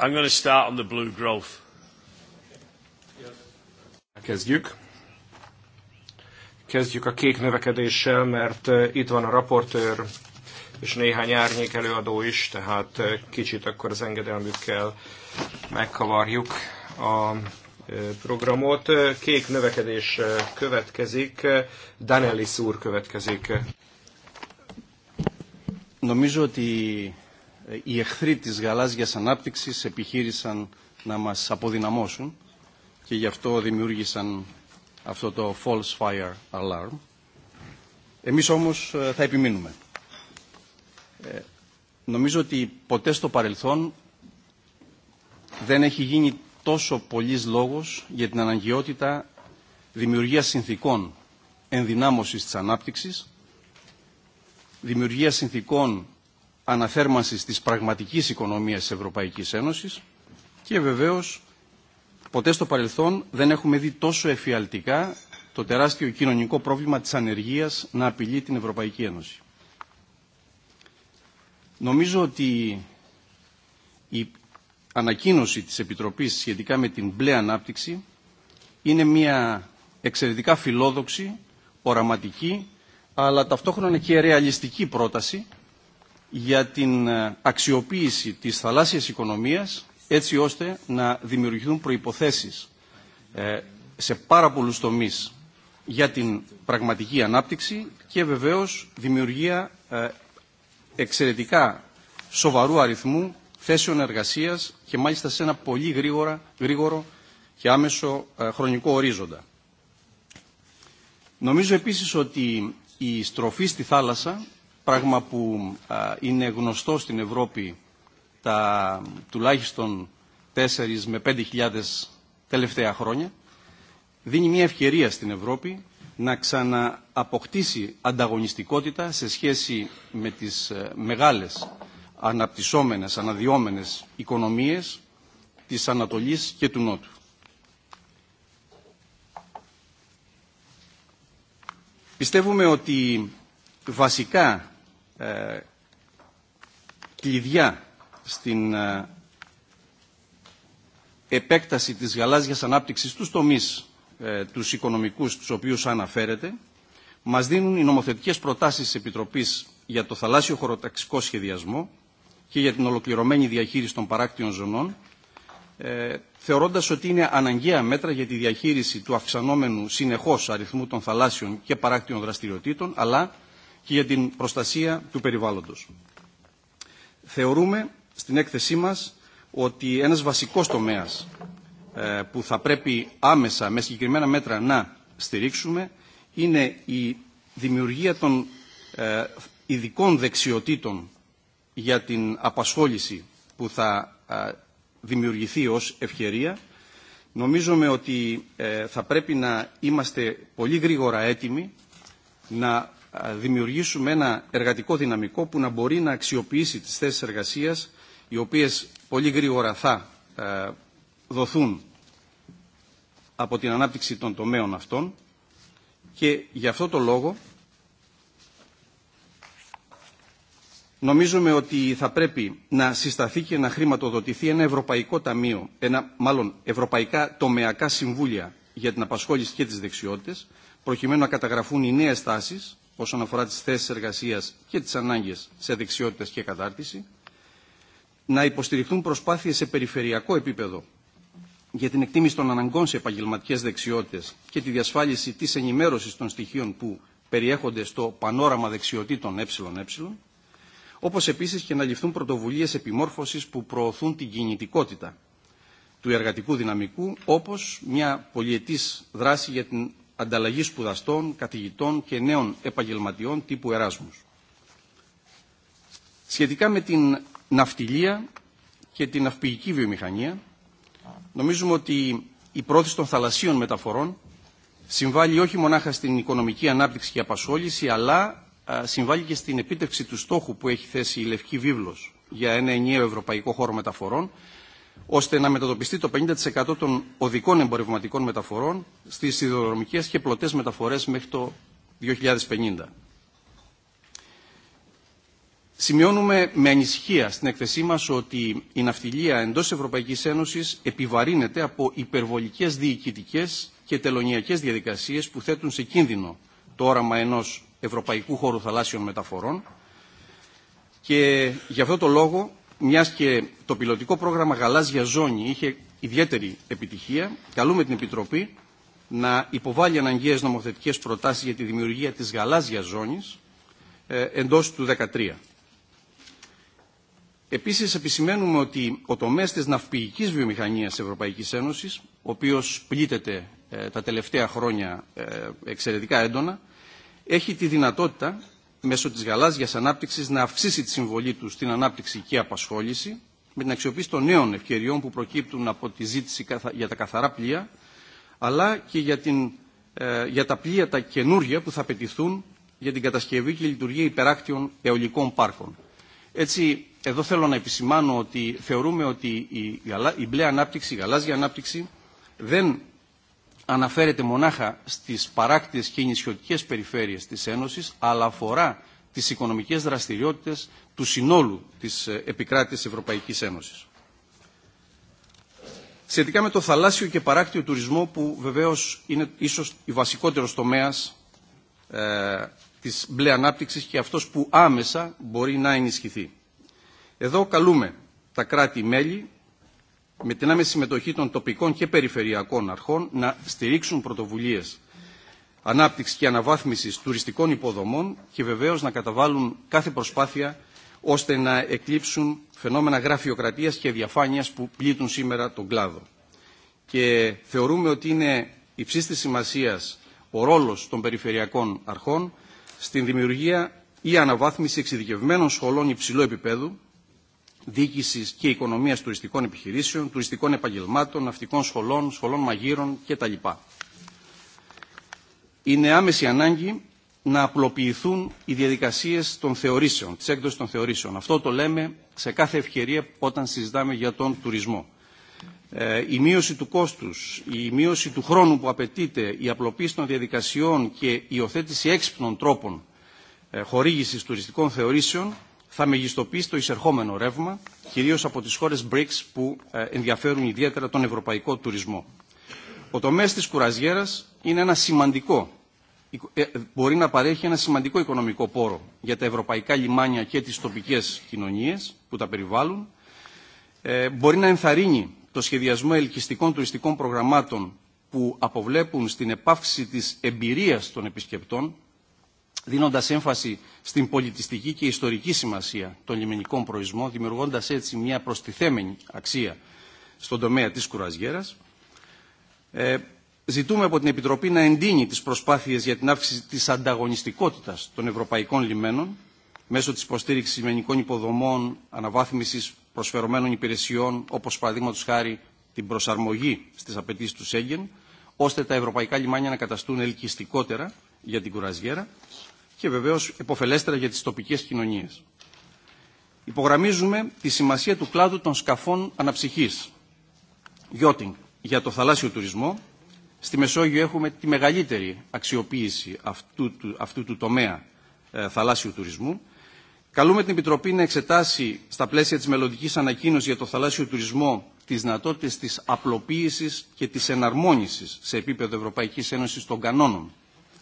I'm going to start on the blue growth. Kezdjük. Kezdjük a kék növekedéssel, mert itt van a raportőr és néhány árnyék előadó is, tehát kicsit akkor az engedelmükkel megkavarjuk a programot. Kék növekedés következik, Danelli úr következik. Νομίζω mi οι εχθροί της γαλάζιας ανάπτυξης επιχείρησαν να μας αποδυναμώσουν και γι' αυτό δημιούργησαν αυτό το false fire alarm. Εμείς όμως θα επιμείνουμε. Ε, νομίζω ότι ποτέ στο παρελθόν δεν έχει γίνει τόσο πολλής λόγος για την αναγκαιότητα δημιουργίας συνθήκων ενδυνάμωσης της ανάπτυξης, δημιουργίας συνθήκων αναθέρμανσης της πραγματικής οικονομίας της Ευρωπαϊκής Ένωσης και βεβαίως ποτέ στο παρελθόν δεν έχουμε δει τόσο εφιαλτικά το τεράστιο κοινωνικό πρόβλημα της ανεργίας να απειλεί την Ευρωπαϊκή Ένωση. Νομίζω ότι η ανακοίνωση της Επιτροπής σχετικά με την μπλε ανάπτυξη είναι μια εξαιρετικά φιλόδοξη, οραματική, αλλά ταυτόχρονα και ρεαλιστική πρόταση για την αξιοποίηση της θαλάσσιας οικονομίας έτσι ώστε να δημιουργηθούν προϋποθέσεις σε πάρα πολλούς τομείς για την πραγματική ανάπτυξη και βεβαίως δημιουργία εξαιρετικά σοβαρού αριθμού θέσεων εργασίας και μάλιστα σε ένα πολύ γρήγορα, γρήγορο και άμεσο χρονικό ορίζοντα. Νομίζω επίσης ότι η στροφή στη θάλασσα πράγμα που α, είναι γνωστό στην Ευρώπη τα τουλάχιστον 4 με 5.000 τελευταία χρόνια, δίνει μια ευκαιρία στην Ευρώπη να ξανααποκτήσει ανταγωνιστικότητα σε σχέση με τις μεγάλες αναπτυσσόμενες, αναδιόμενες οικονομίες της Ανατολής και του Νότου. Πιστεύουμε ότι βασικά ε, κλειδιά στην ε, επέκταση της γαλάζιας ανάπτυξης στους τομείς ε, τους οικονομικούς τους οποίους αναφέρεται, μας δίνουν οι νομοθετικές προτάσεις της Επιτροπής για το θαλάσσιο χωροταξικό σχεδιασμό και για την ολοκληρωμένη διαχείριση των παράκτιων ζωνών, ε, θεωρώντας ότι είναι αναγκαία μέτρα για τη διαχείριση του αυξανόμενου συνεχώς αριθμού των θαλάσσιων και παράκτιων δραστηριοτήτων, αλλά και για την προστασία του περιβάλλοντος. Θεωρούμε στην έκθεσή μας ότι ένας βασικός τομέας που θα πρέπει άμεσα με συγκεκριμένα μέτρα να στηρίξουμε είναι η δημιουργία των ειδικών δεξιοτήτων για την απασχόληση που θα δημιουργηθεί ως ευκαιρία. Νομίζουμε ότι θα πρέπει να είμαστε πολύ γρήγορα έτοιμοι να δημιουργήσουμε ένα εργατικό δυναμικό που να μπορεί να αξιοποιήσει τις θέσεις εργασίας οι οποίες πολύ γρήγορα θα δοθούν από την ανάπτυξη των τομέων αυτών και γι' αυτό το λόγο Νομίζουμε ότι θα πρέπει να συσταθεί και να χρηματοδοτηθεί ένα ευρωπαϊκό ταμείο, ένα, μάλλον ευρωπαϊκά τομεακά συμβούλια για την απασχόληση και τις δεξιότητες, προκειμένου να καταγραφούν οι νέες τάσεις όσον αφορά τις θέσεις εργασίας και τις ανάγκες σε δεξιότητες και κατάρτιση, να υποστηριχθούν προσπάθειες σε περιφερειακό επίπεδο για την εκτίμηση των αναγκών σε επαγγελματικές δεξιότητες και τη διασφάλιση της ενημέρωσης των στοιχείων που περιέχονται στο πανόραμα δεξιοτήτων ΕΕ, όπως επίσης και να ληφθούν πρωτοβουλίες επιμόρφωσης που προωθούν την κινητικότητα του εργατικού δυναμικού, όπως μια πολιετής δράση για την ανταλλαγή σπουδαστών, καθηγητών και νέων επαγγελματιών τύπου Εράσμους. Σχετικά με την ναυτιλία και την ναυπηγική βιομηχανία, νομίζουμε ότι η πρόθεση των θαλασσίων μεταφορών συμβάλλει όχι μονάχα στην οικονομική ανάπτυξη και απασχόληση, αλλά συμβάλλει και στην επίτευξη του στόχου που έχει θέσει η Λευκή Βίβλος για ένα ενιαίο ευρωπαϊκό χώρο μεταφορών, ώστε να μετατοπιστεί το 50% των οδικών εμπορευματικών μεταφορών στις σιδηροδρομικές και πλωτές μεταφορές μέχρι το 2050. Σημειώνουμε με ανησυχία στην εκθεσή μας ότι η ναυτιλία εντός Ευρωπαϊκής Ένωσης επιβαρύνεται από υπερβολικές διοικητικές και τελωνιακές διαδικασίες που θέτουν σε κίνδυνο το όραμα ενός ευρωπαϊκού χώρου θαλάσσιων μεταφορών και γι' αυτό το λόγο μιας και το πιλωτικό πρόγραμμα Γαλάζια Ζώνη είχε ιδιαίτερη επιτυχία, καλούμε την Επιτροπή να υποβάλει αναγκαίες νομοθετικές προτάσεις για τη δημιουργία της γαλάζιας ζώνης ε, εντός του 2013. Επίσης επισημαίνουμε ότι ο τομέας της ναυπηγικής βιομηχανίας Ευρωπαϊκής Ένωσης, ο οποίος πλήττεται ε, τα τελευταία χρόνια ε, εξαιρετικά έντονα, έχει τη δυνατότητα μέσω της γαλάζιας ανάπτυξης να αυξήσει τη συμβολή του στην ανάπτυξη και απασχόληση με την αξιοποίηση των νέων ευκαιριών που προκύπτουν από τη ζήτηση για τα καθαρά πλοία αλλά και για, την, ε, για τα πλοία τα καινούργια που θα απαιτηθούν για την κατασκευή και λειτουργία υπεράκτιων αιωλικών πάρκων. Έτσι, εδώ θέλω να επισημάνω ότι θεωρούμε ότι η, η, η μπλε ανάπτυξη, η γαλάζια ανάπτυξη δεν αναφέρεται μονάχα στις παράκτιες και νησιωτικές περιφέρειες της Ένωσης, αλλά αφορά τις οικονομικές δραστηριότητες του συνόλου της επικράτησης Ευρωπαϊκής Ένωσης. Σχετικά με το θαλάσσιο και παράκτιο τουρισμό που βεβαίως είναι ίσως η βασικότερος τομέας ε, της μπλε ανάπτυξης και αυτός που άμεσα μπορεί να ενισχυθεί. Εδώ καλούμε τα κράτη-μέλη με την άμεση συμμετοχή των τοπικών και περιφερειακών αρχών να στηρίξουν πρωτοβουλίες ανάπτυξη και αναβάθμισης τουριστικών υποδομών και βεβαίως να καταβάλουν κάθε προσπάθεια ώστε να εκλείψουν φαινόμενα γραφειοκρατίας και διαφάνειας που πλήττουν σήμερα τον κλάδο. Και θεωρούμε ότι είναι υψίστης σημασίας ο ρόλος των περιφερειακών αρχών στην δημιουργία ή αναβάθμιση εξειδικευμένων σχολών υψηλού επίπεδου διοίκηση και οικονομία τουριστικών επιχειρήσεων, τουριστικών επαγγελμάτων, ναυτικών σχολών, σχολών μαγείρων κτλ. Είναι άμεση ανάγκη να απλοποιηθούν οι διαδικασίε των θεωρήσεων, τη έκδοση των θεωρήσεων. Αυτό το λέμε σε κάθε ευκαιρία όταν συζητάμε για τον τουρισμό. Ε, η μείωση του κόστους, η μείωση του χρόνου που απαιτείται, η απλοποίηση των διαδικασιών και η υιοθέτηση έξυπνων τρόπων ε, χορήγησης τουριστικών θεωρήσεων θα μεγιστοποιήσει το εισερχόμενο ρεύμα, κυρίως από τις χώρες BRICS που ενδιαφέρουν ιδιαίτερα τον ευρωπαϊκό τουρισμό. Ο τομέας της κουραζιέρας είναι ένα σημαντικό, μπορεί να παρέχει ένα σημαντικό οικονομικό πόρο για τα ευρωπαϊκά λιμάνια και τις τοπικές κοινωνίες που τα περιβάλλουν, μπορεί να ενθαρρύνει το σχεδιασμό ελκυστικών τουριστικών προγραμμάτων που αποβλέπουν στην επάυξη της εμπειρίας των επισκεπτών δίνοντας έμφαση στην πολιτιστική και ιστορική σημασία των λιμενικών προϊσμών, δημιουργώντας έτσι μια προστιθέμενη αξία στον τομέα της κουραζιέρας. Ε, ζητούμε από την Επιτροπή να εντείνει τις προσπάθειες για την αύξηση της ανταγωνιστικότητας των ευρωπαϊκών λιμένων μέσω της υποστήριξης λιμενικών υποδομών, αναβάθμισης προσφερωμένων υπηρεσιών, όπως παραδείγματος χάρη την προσαρμογή στις απαιτήσεις του Σέγγεν, ώστε τα ευρωπαϊκά λιμάνια να καταστούν ελκυστικότερα για την κουραζιέρα και βεβαίως υποφελέστερα για τις τοπικές κοινωνίες. Υπογραμμίζουμε τη σημασία του κλάδου των σκαφών αναψυχής, yachting, για το θαλάσσιο τουρισμό. Στη Μεσόγειο έχουμε τη μεγαλύτερη αξιοποίηση αυτού του, αυτού του τομέα ε, θαλάσσιου τουρισμού. Καλούμε την Επιτροπή να εξετάσει στα πλαίσια της μελλοντικής ανακοίνωσης για το θαλάσσιο τουρισμό τις δυνατότητες της απλοποίησης και της εναρμόνισης σε επίπεδο Ευρωπαϊκής Ένωσης των κανόνων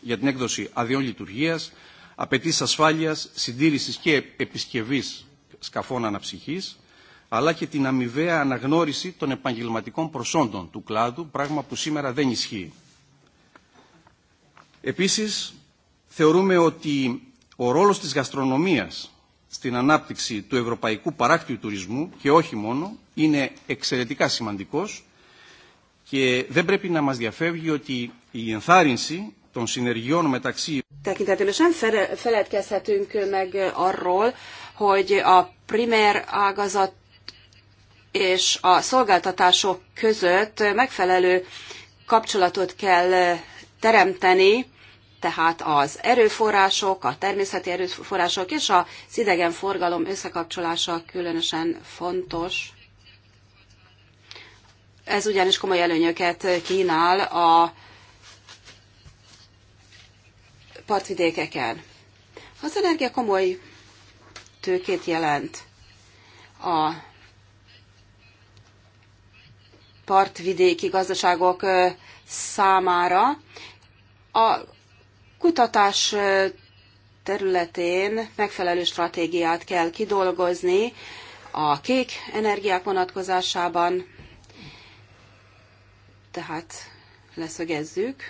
για την έκδοση αδειών λειτουργία, απαιτήσει ασφάλεια, συντήρηση και επισκευή σκαφών αναψυχή, αλλά και την αμοιβαία αναγνώριση των επαγγελματικών προσόντων του κλάδου, πράγμα που σήμερα δεν ισχύει. Επίση, θεωρούμε ότι ο ρόλο τη γαστρονομία στην ανάπτυξη του ευρωπαϊκού παράκτιου τουρισμού και όχι μόνο, είναι εξαιρετικά σημαντικός και δεν πρέπει να μας διαφεύγει ότι η ενθάρρυνση των συνεργειών μεταξύ... Tekintetében sem feledkezhetünk meg arról, hogy a primer ágazat és a szolgáltatások között megfelelő kapcsolatot kell teremteni, tehát az erőforrások, a természeti erőforrások és az forgalom összekapcsolása különösen fontos. Ez ugyanis komoly előnyöket kínál a partvidékeken. Az energia komoly tőkét jelent a partvidéki gazdaságok számára. A kutatás területén megfelelő stratégiát kell kidolgozni a kék energiák vonatkozásában, tehát leszögezzük,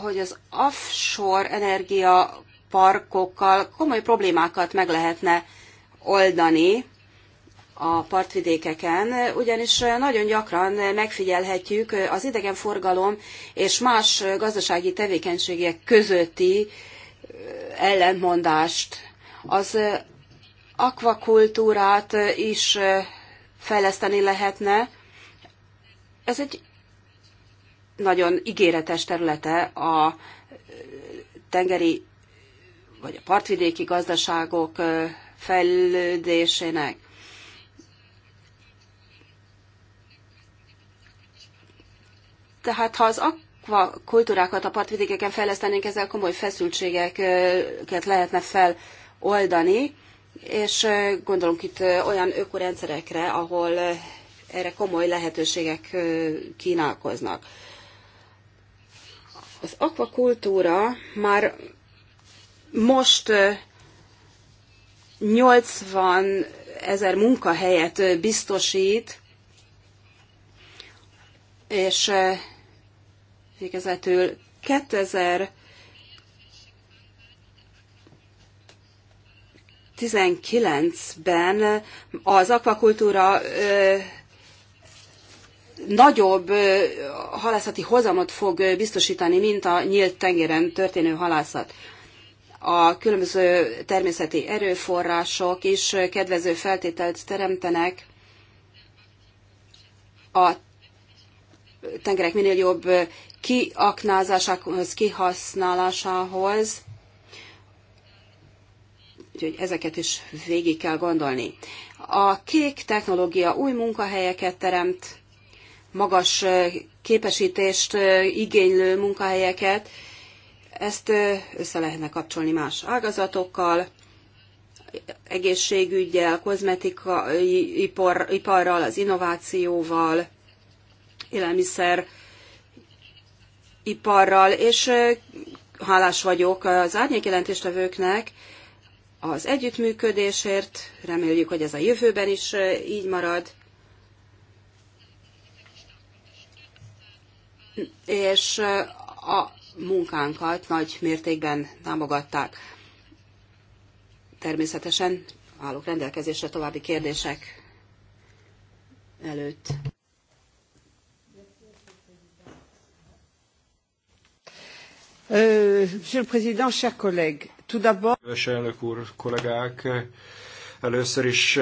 hogy az offshore energia parkokkal komoly problémákat meg lehetne oldani a partvidékeken, ugyanis nagyon gyakran megfigyelhetjük az idegenforgalom és más gazdasági tevékenységek közötti ellentmondást. Az akvakultúrát is fejleszteni lehetne. Ez egy nagyon ígéretes területe a tengeri vagy a partvidéki gazdaságok fejlődésének. Tehát ha az akvakultúrákat a partvidékeken fejlesztenénk, ezzel komoly feszültségeket lehetne feloldani, és gondolunk itt olyan ökorendszerekre, ahol erre komoly lehetőségek kínálkoznak. Az akvakultúra már most 80 ezer munkahelyet biztosít, és végezetül 2000 19-ben az akvakultúra nagyobb halászati hozamot fog biztosítani, mint a nyílt tengeren történő halászat. A különböző természeti erőforrások is kedvező feltételt teremtenek a tengerek minél jobb kiaknázásához, kihasználásához, úgyhogy ezeket is végig kell gondolni. A kék technológia új munkahelyeket teremt, magas képesítést igénylő munkahelyeket, ezt össze lehetne kapcsolni más ágazatokkal, egészségügyel, kozmetikai ipar, iparral, az innovációval, élelmiszer iparral, és hálás vagyok az árnyék jelentéstevőknek az együttműködésért, reméljük, hogy ez a jövőben is így marad, és a munkánkat nagy mértékben támogatták. Természetesen állok rendelkezésre további kérdések előtt. Monsieur le Président, chers collègues, tout d'abord... elnök úr, kollégák, először is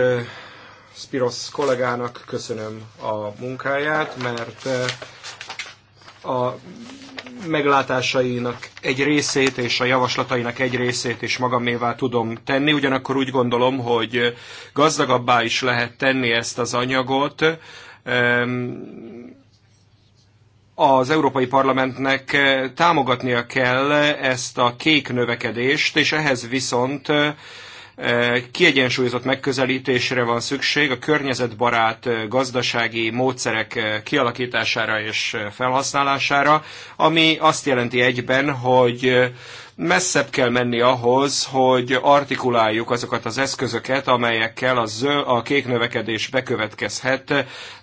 Spiros kollégának köszönöm a munkáját, mert a meglátásainak egy részét és a javaslatainak egy részét is magamévá tudom tenni. Ugyanakkor úgy gondolom, hogy gazdagabbá is lehet tenni ezt az anyagot. Az Európai Parlamentnek támogatnia kell ezt a kék növekedést, és ehhez viszont kiegyensúlyozott megközelítésre van szükség, a környezetbarát gazdasági módszerek kialakítására és felhasználására, ami azt jelenti egyben, hogy messzebb kell menni ahhoz, hogy artikuláljuk azokat az eszközöket, amelyekkel a, zöld, a kék növekedés bekövetkezhet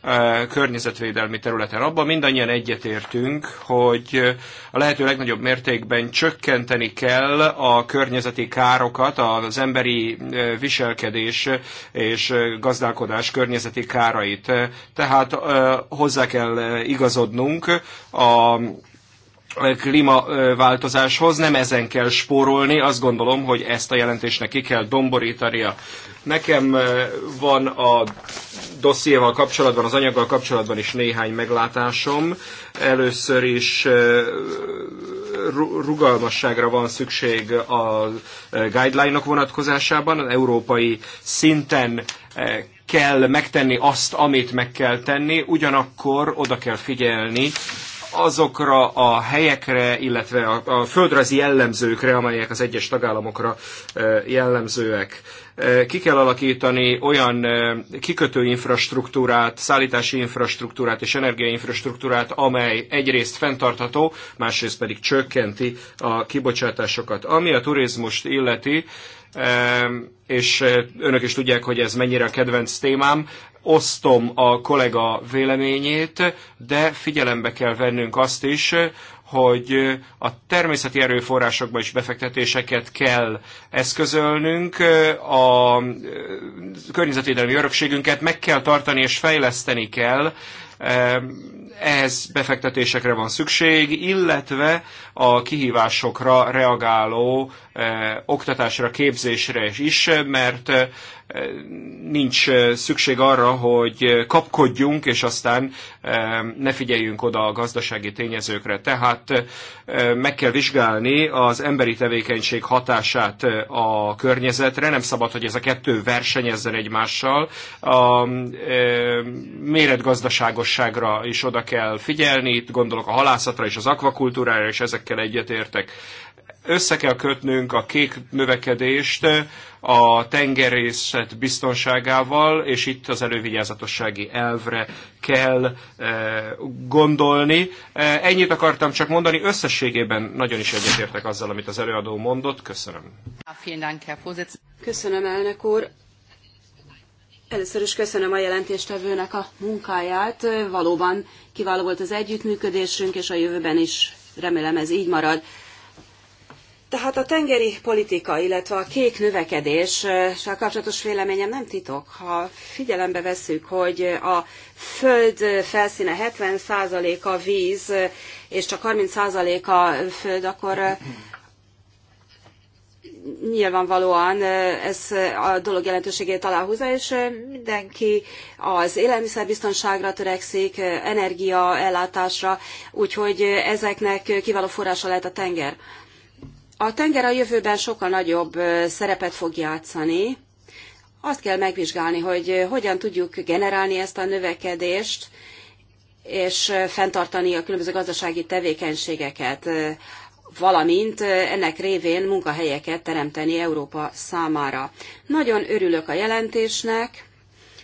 eh, környezetvédelmi területen. Abban mindannyian egyetértünk, hogy a lehető legnagyobb mértékben csökkenteni kell a környezeti károkat, az emberi eh, viselkedés és eh, gazdálkodás környezeti kárait. Tehát hozzá kell igazodnunk a klímaváltozáshoz, nem ezen kell spórolni, azt gondolom, hogy ezt a jelentésnek ki kell domborítania. Nekem van a dossziéval kapcsolatban, az anyaggal kapcsolatban is néhány meglátásom. Először is rugalmasságra van szükség a guideline-ok -ok vonatkozásában, az európai szinten kell megtenni azt, amit meg kell tenni, ugyanakkor oda kell figyelni azokra a helyekre, illetve a, a földrajzi jellemzőkre, amelyek az egyes tagállamokra jellemzőek. Ki kell alakítani olyan kikötő infrastruktúrát, szállítási infrastruktúrát és energiainfrastruktúrát, amely egyrészt fenntartható, másrészt pedig csökkenti a kibocsátásokat. Ami a turizmust illeti, és önök is tudják, hogy ez mennyire a kedvenc témám osztom a kollega véleményét, de figyelembe kell vennünk azt is, hogy a természeti erőforrásokba is befektetéseket kell eszközölnünk, a környezetvédelmi örökségünket meg kell tartani és fejleszteni kell, ehhez befektetésekre van szükség, illetve a kihívásokra reagáló eh, oktatásra, képzésre is, mert nincs szükség arra, hogy kapkodjunk, és aztán ne figyeljünk oda a gazdasági tényezőkre. Tehát meg kell vizsgálni az emberi tevékenység hatását a környezetre, nem szabad, hogy ez a kettő versenyezzen egymással. A méretgazdaságosságra is oda kell figyelni, itt gondolok a halászatra és az akvakultúrára, és ezekkel egyetértek össze kell kötnünk a kék növekedést a tengerészet biztonságával, és itt az elővigyázatossági elvre kell eh, gondolni. Eh, ennyit akartam csak mondani, összességében nagyon is egyetértek azzal, amit az előadó mondott. Köszönöm. Köszönöm, elnök úr. Először is köszönöm a jelentéstevőnek a munkáját. Valóban kiváló volt az együttműködésünk, és a jövőben is remélem ez így marad. Tehát a tengeri politika, illetve a kék a kapcsolatos véleményem nem titok. Ha figyelembe vesszük, hogy a föld felszíne 70%-a víz, és csak 30%-a föld, akkor eh, nyilvánvalóan eh, ez a dolog jelentőségét aláhúzza, és eh, mindenki az élelmiszerbiztonságra törekszik, energiaellátásra, úgyhogy ezeknek kiváló forrása lehet a tenger. A tenger a jövőben sokkal nagyobb szerepet fog játszani. Azt kell megvizsgálni, hogy hogyan tudjuk generálni ezt a növekedést, és fenntartani a különböző gazdasági tevékenységeket, valamint ennek révén munkahelyeket teremteni Európa számára. Nagyon örülök a jelentésnek,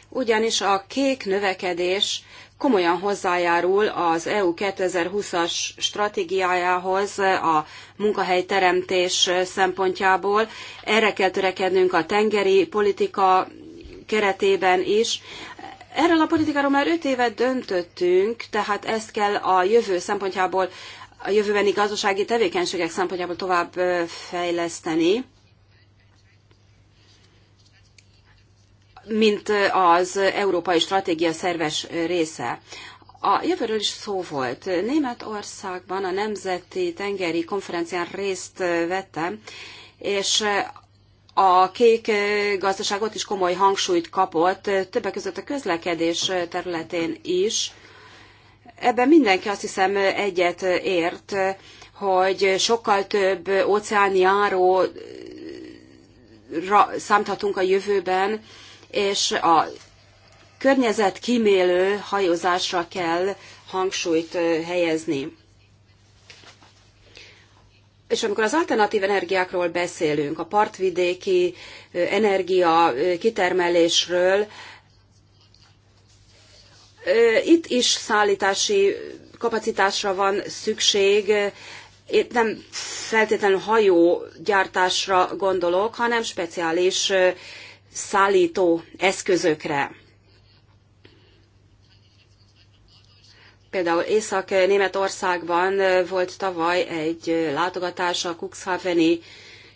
ugyanis a kék növekedés komolyan hozzájárul az EU 2020-as stratégiájához a munkahelyteremtés szempontjából. Erre kell törekednünk a tengeri politika keretében is. Erről a politikáról már öt éve döntöttünk, tehát ezt kell a jövő szempontjából, a jövőbeni gazdasági tevékenységek szempontjából tovább fejleszteni. mint az Európai Stratégia szerves része. A jövőről is szó volt. Németországban a Nemzeti Tengeri Konferencián részt vettem, és a kék gazdaságot is komoly hangsúlyt kapott, többek között a közlekedés területén is. Ebben mindenki azt hiszem egyet ért, hogy sokkal több óceáni óceánjáró számthatunk a jövőben, és a környezet kímélő hajózásra kell hangsúlyt helyezni. És amikor az alternatív energiákról beszélünk, a partvidéki energia kitermelésről, itt is szállítási kapacitásra van szükség, én nem feltétlenül hajógyártásra gondolok, hanem speciális szállító eszközökre. Például Észak-Németországban volt tavaly egy látogatás a Cuxhaveni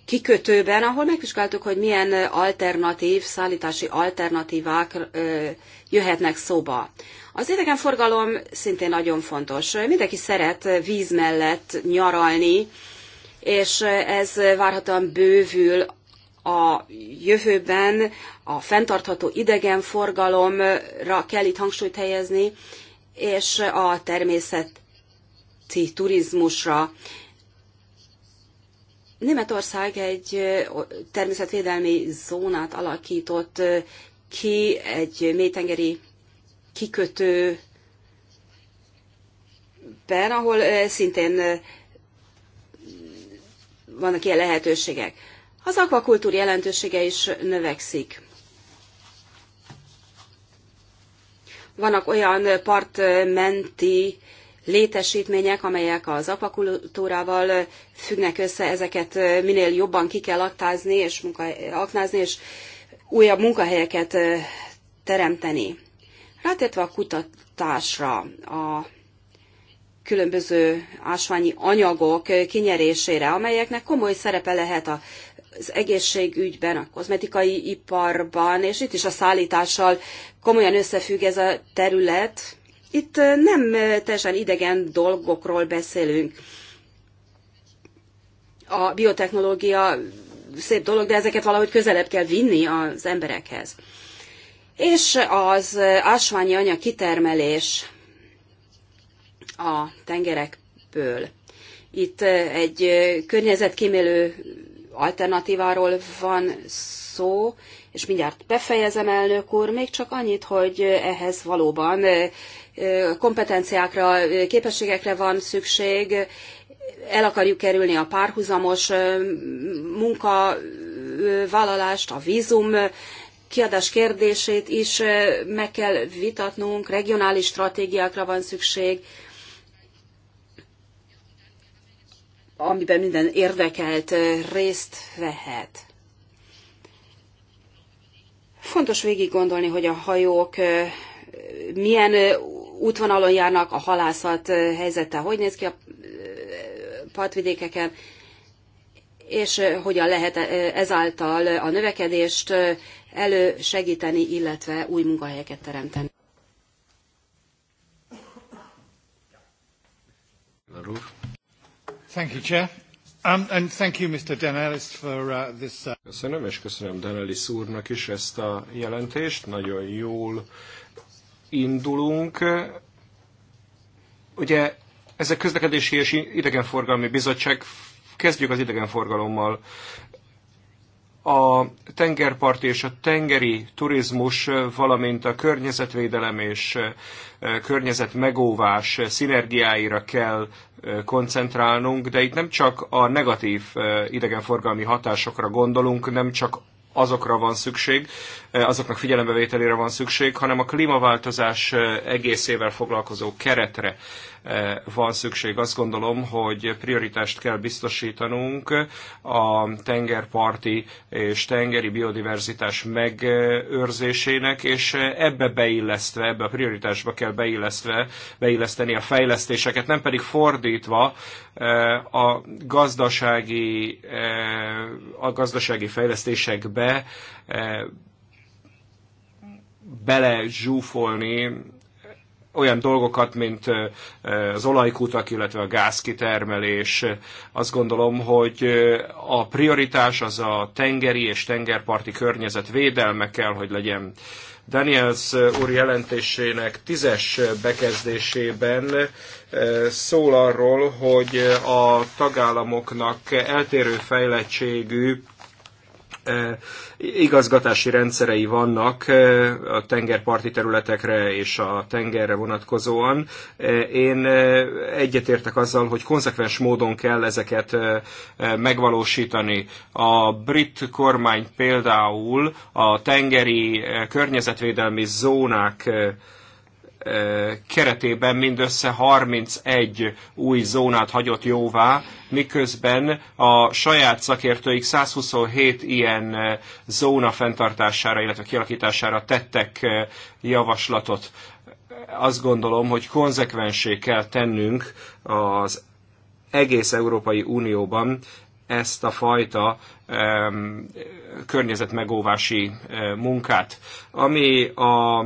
kikötőben, ahol megvizsgáltuk, hogy milyen alternatív, szállítási alternatívák jöhetnek szóba. Az idegenforgalom szintén nagyon fontos. Mindenki szeret víz mellett nyaralni, és ez várhatóan bővül a jövőben a fenntartható idegenforgalomra kell itt hangsúlyt helyezni, és a természeti turizmusra. Németország egy természetvédelmi zónát alakított ki, egy mélytengeri kikötőben, ahol szintén vannak ilyen lehetőségek. Az akvakultúr jelentősége is növekszik. Vannak olyan partmenti létesítmények, amelyek az akvakultúrával függnek össze, ezeket minél jobban ki kell aktázni és, munka, aknázni, és újabb munkahelyeket teremteni. Rátértve a kutatásra, a különböző ásványi anyagok kinyerésére, amelyeknek komoly szerepe lehet a az egészségügyben, a kozmetikai iparban, és itt is a szállítással komolyan összefügg ez a terület. Itt nem teljesen idegen dolgokról beszélünk. A biotechnológia szép dolog, de ezeket valahogy közelebb kell vinni az emberekhez. És az ásványi anyag kitermelés a tengerekből. Itt egy környezetkímélő alternatíváról van szó, és mindjárt befejezem, elnök úr, még csak annyit, hogy ehhez valóban kompetenciákra, képességekre van szükség, el akarjuk kerülni a párhuzamos munkavállalást, a vízum kiadás kérdését is meg kell vitatnunk, regionális stratégiákra van szükség, amiben minden érdekelt részt vehet. Fontos végig gondolni, hogy a hajók milyen útvonalon járnak, a halászat helyzete hogy néz ki a partvidékeken, és hogyan lehet ezáltal a növekedést elősegíteni, illetve új munkahelyeket teremteni. Larúr. Thank you, Chair. Um, and thank you, Mr. for uh, this. Uh... Köszönöm, és köszönöm Danelis úrnak is ezt a jelentést. Nagyon jól indulunk. Ugye ez a közlekedési és idegenforgalmi bizottság, kezdjük az idegenforgalommal a tengerparti és a tengeri turizmus, valamint a környezetvédelem és e, e, környezet megóvás szinergiáira kell e, koncentrálnunk, de itt nem csak a negatív idegenforgalmi hatásokra gondolunk, nem csak azokra van szükség, azoknak figyelembevételére van szükség, hanem a klímaváltozás egészével foglalkozó keretre van szükség. Azt gondolom, hogy prioritást kell biztosítanunk a tengerparti és tengeri biodiverzitás megőrzésének, és ebbe beillesztve, ebbe a prioritásba kell beillesztve, beilleszteni a fejlesztéseket, nem pedig fordítva a gazdasági, a gazdasági fejlesztésekbe e, bele zsúfolni olyan dolgokat, mint e, az olajkutak, illetve a gázkitermelés. Azt gondolom, hogy e, a prioritás az a tengeri és tengerparti környezet védelme kell, hogy legyen. Daniels e, úr jelentésének tízes bekezdésében szól arról, hogy a tagállamoknak eltérő fejlettségű igazgatási rendszerei vannak a tengerparti területekre és a tengerre vonatkozóan. Én egyetértek azzal, hogy konzekvens módon kell ezeket megvalósítani. A brit kormány például a tengeri környezetvédelmi zónák keretében mindössze 31 új zónát hagyott jóvá, miközben a saját szakértőik 127 ilyen eh, zóna fenntartására, illetve kialakítására tettek eh, javaslatot. Azt gondolom, hogy konzekvensé kell tennünk az egész Európai Unióban ezt a fajta környezetmegóvási munkát. Ami a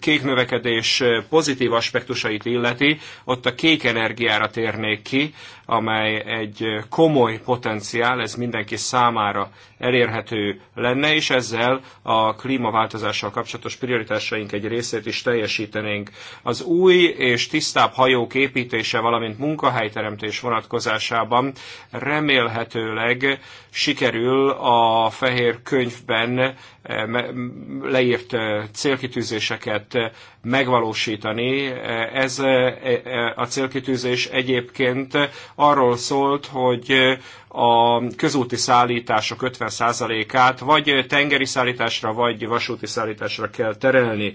kék növekedés pozitív aspektusait illeti, ott a kék energiára térnék ki, amely egy komoly potenciál, ez mindenki számára elérhető lenne, és ezzel a klímaváltozással kapcsolatos prioritásaink egy részét is teljesítenénk. Az új és tisztább hajók építése, valamint munkahelyteremtés vonatkozásában remélhetőleg sikerül sikerül a fehér könyvben eh, leírt eh, célkitűzéseket eh, megvalósítani. Ez a célkitűzés egyébként arról szólt, hogy a közúti szállítások 50%-át vagy tengeri szállításra, vagy vasúti szállításra kell terelni.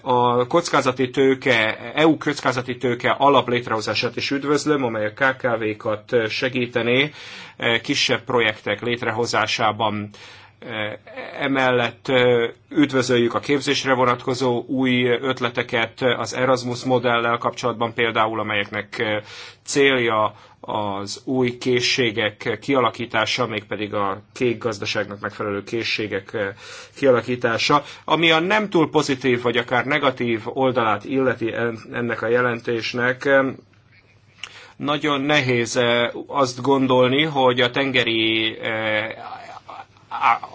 A kockázati tőke, EU kockázati tőke alap létrehozását is üdvözlöm, amely a KKV-kat segítené kisebb projektek létrehozásában. Emellett üdvözöljük a képzésre vonatkozó új ötleteket az Erasmus modellel kapcsolatban például, amelyeknek célja az új készségek kialakítása, mégpedig a kék gazdaságnak megfelelő készségek eh, kialakítása, ami a nem túl pozitív vagy akár negatív oldalát illeti ennek a jelentésnek, eh, nagyon nehéz eh, azt gondolni, hogy a tengeri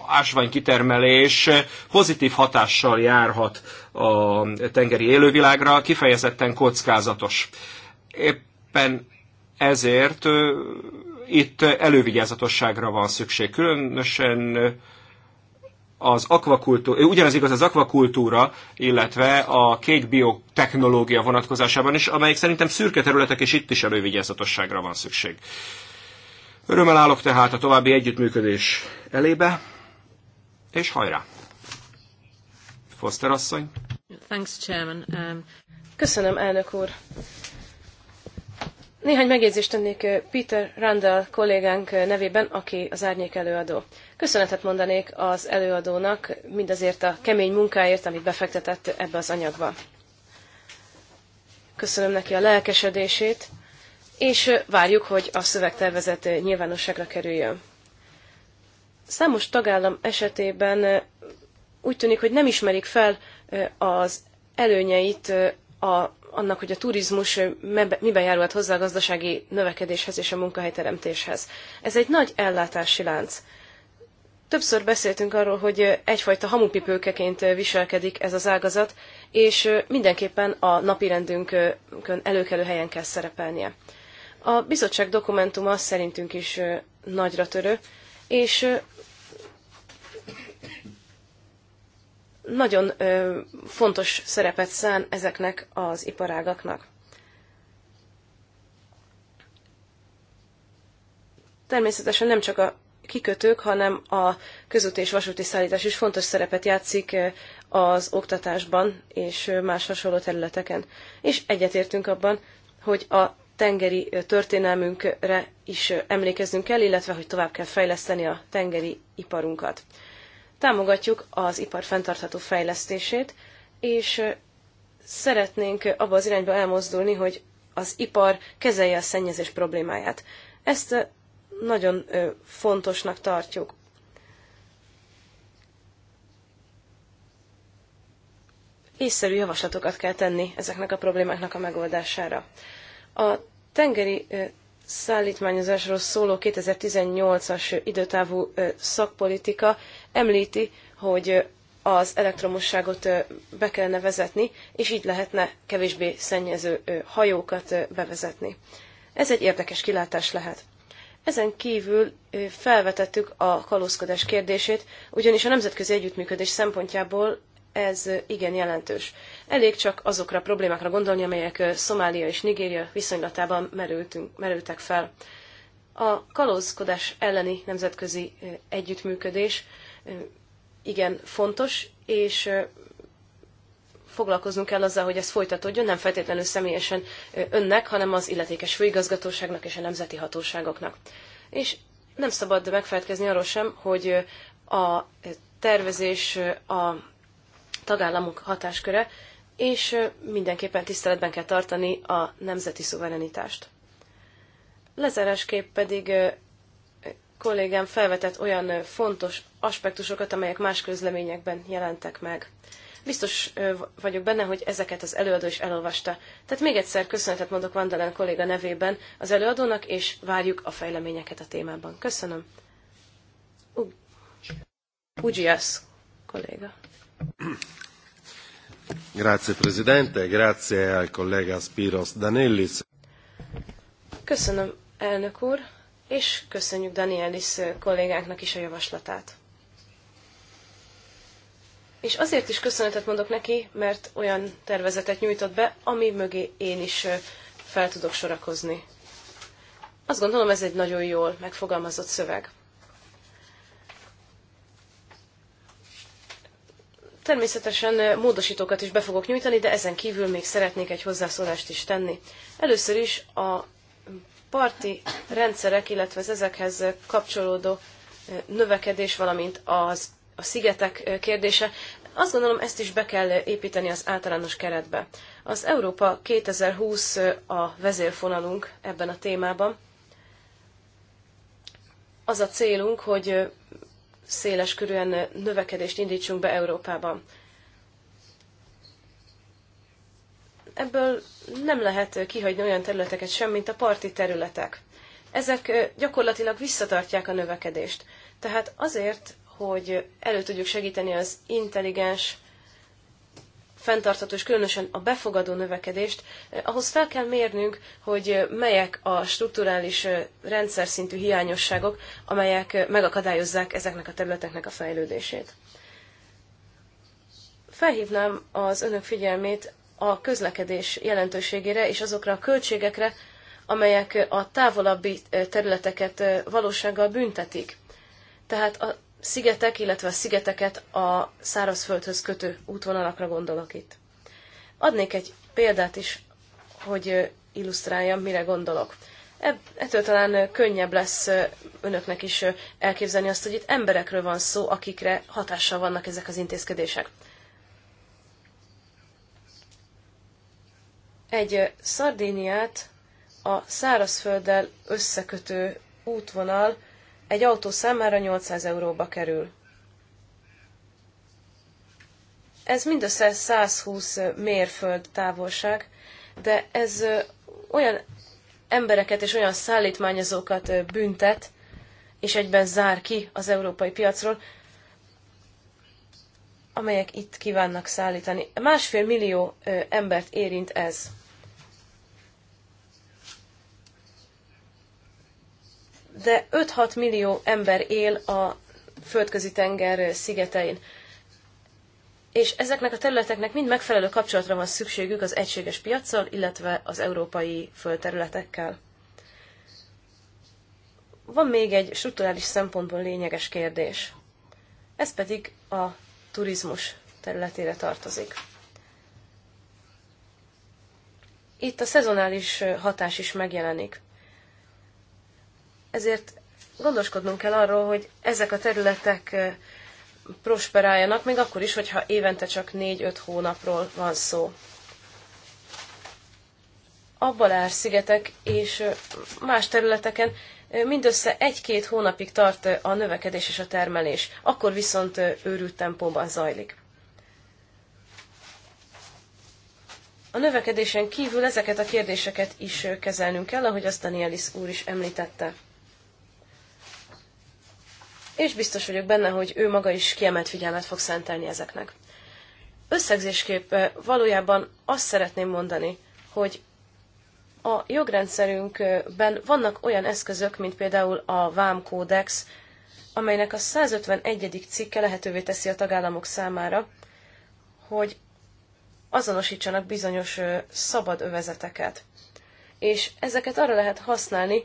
ásványkitermelés pozitív hatással járhat a tengeri élővilágra, kifejezetten kockázatos. Éppen ezért itt elővigyázatosságra van szükség. Különösen az akvakultúra, ugyanez igaz az akvakultúra, illetve a kék biotechnológia vonatkozásában is, amelyik szerintem szürke területek, és itt is elővigyázatosságra van szükség. Örömmel állok tehát a további együttműködés elébe, és hajrá! Foster asszony. Thanks, Chairman. Um... Köszönöm, elnök úr. Néhány megjegyzést tennék eh, Peter Randall kollégánk eh, nevében, aki az árnyék előadó. Köszönetet mondanék az előadónak mindazért a kemény munkáért, amit befektetett ebbe az anyagba. Köszönöm neki a lelkesedését, és eh, várjuk, hogy a szövegtervezet nyilvánosságra kerüljön. Számos tagállam esetében úgy tűnik, hogy nem ismerik fel az előnyeit a annak, hogy a turizmus miben járulhat hozzá a gazdasági növekedéshez és a munkahelyteremtéshez. Ez egy nagy ellátási lánc. Többször beszéltünk arról, hogy egyfajta hamupipőkeként viselkedik ez az ágazat, és mindenképpen a napirendünkön előkelő helyen kell szerepelnie. A bizottság dokumentuma szerintünk is nagyra törő, és nagyon fontos szerepet szán ezeknek az iparágaknak. Természetesen nem csak a kikötők, hanem a közúti és vasúti szállítás is fontos szerepet játszik az oktatásban és más hasonló területeken. És egyetértünk abban, hogy a tengeri történelmünkre is emlékezzünk kell, illetve hogy tovább kell fejleszteni a tengeri iparunkat támogatjuk az ipar fenntartható fejlesztését, és szeretnénk abba az irányba elmozdulni, hogy az ipar kezelje a szennyezés problémáját. Ezt nagyon fontosnak tartjuk. észszerű javaslatokat kell tenni ezeknek a problémáknak a megoldására. A tengeri szállítmányozásról szóló 2018-as időtávú szakpolitika említi, hogy az elektromosságot be kellene vezetni, és így lehetne kevésbé szennyező hajókat bevezetni. Ez egy érdekes kilátás lehet. Ezen kívül felvetettük a kalózkodás kérdését, ugyanis a nemzetközi együttműködés szempontjából ez igen jelentős. Elég csak azokra a problémákra gondolni, amelyek Szomália és Nigéria viszonylatában merültünk, merültek fel. A kalózkodás elleni nemzetközi együttműködés igen fontos, és foglalkoznunk kell azzal, hogy ez folytatódjon, nem feltétlenül személyesen önnek, hanem az illetékes főigazgatóságnak és a nemzeti hatóságoknak. És nem szabad megfelelkezni arról sem, hogy a tervezés a tagállamok hatásköre, és mindenképpen tiszteletben kell tartani a nemzeti szuverenitást. Lezárásképp pedig kollégám felvetett olyan fontos aspektusokat, amelyek más közleményekben jelentek meg. Biztos vagyok benne, hogy ezeket az előadó is elolvasta. Tehát még egyszer köszönetet mondok Vandalen kolléga nevében az előadónak, és várjuk a fejleményeket a témában. Köszönöm. Ugyasz kolléga. Grazie Presidente, grazie al collega Spiros Danellis. Köszönöm, elnök úr, és köszönjük Danielis kollégánknak is a javaslatát. És azért is köszönetet mondok neki, mert olyan tervezetet nyújtott be, ami mögé én is fel tudok sorakozni. Azt gondolom, ez egy nagyon jól megfogalmazott szöveg. Természetesen módosítókat is be fogok nyújtani, de ezen kívül még szeretnék egy hozzászólást is tenni. Először is a parti rendszerek, illetve az ezekhez kapcsolódó növekedés, valamint az, a szigetek kérdése, azt gondolom ezt is be kell építeni az általános keretbe. Az Európa 2020 a vezérfonalunk ebben a témában. Az a célunk, hogy széles körűen növekedést indítsunk be Európában. Ebből nem lehet kihagyni olyan területeket sem, mint a parti területek. Ezek gyakorlatilag visszatartják a növekedést. Tehát azért, hogy elő tudjuk segíteni az intelligens fenntartható és különösen a befogadó növekedést, eh, ahhoz fel kell mérnünk, hogy eh, melyek a strukturális eh, rendszer szintű hiányosságok, amelyek megakadályozzák ezeknek a területeknek a fejlődését. Felhívnám az önök figyelmét a közlekedés jelentőségére és azokra a költségekre, amelyek a távolabbi területeket valósággal büntetik. Tehát a szigetek, illetve a szigeteket a szárazföldhöz kötő útvonalakra gondolok itt. Adnék egy példát is, hogy illusztráljam, mire gondolok. E, ettől talán könnyebb lesz önöknek is elképzelni azt, hogy itt emberekről van szó, akikre hatással vannak ezek az intézkedések. Egy Szardíniát a szárazfölddel összekötő útvonal egy autó számára 800 euróba kerül. Ez mindössze 120 mérföld távolság, de ez olyan embereket és olyan szállítmányozókat büntet, és egyben zár ki az európai piacról, amelyek itt kívánnak szállítani. Másfél millió embert érint ez. de 5-6 millió ember él a földközi tenger szigetein. És ezeknek a területeknek mind megfelelő kapcsolatra van szükségük az egységes piaccal, illetve az európai földterületekkel. Van még egy strukturális szempontból lényeges kérdés. Ez pedig a turizmus területére tartozik. Itt a szezonális hatás is megjelenik. Ezért gondoskodnunk kell arról, hogy ezek a területek prosperáljanak, még akkor is, hogyha évente csak 4-5 hónapról van szó. A Balár-szigetek és más területeken mindössze egy-két hónapig tart a növekedés és a termelés, akkor viszont őrült tempóban zajlik. A növekedésen kívül ezeket a kérdéseket is kezelnünk kell, ahogy azt Danielis úr is említette és biztos vagyok benne, hogy ő maga is kiemelt figyelmet fog szentelni ezeknek. Összegzésképp eh, valójában azt szeretném mondani, hogy a jogrendszerünkben vannak olyan eszközök, mint például a vámkódex, amelynek a 151. cikke lehetővé teszi a tagállamok számára, hogy azonosítsanak bizonyos eh, szabad övezeteket. És ezeket arra lehet használni,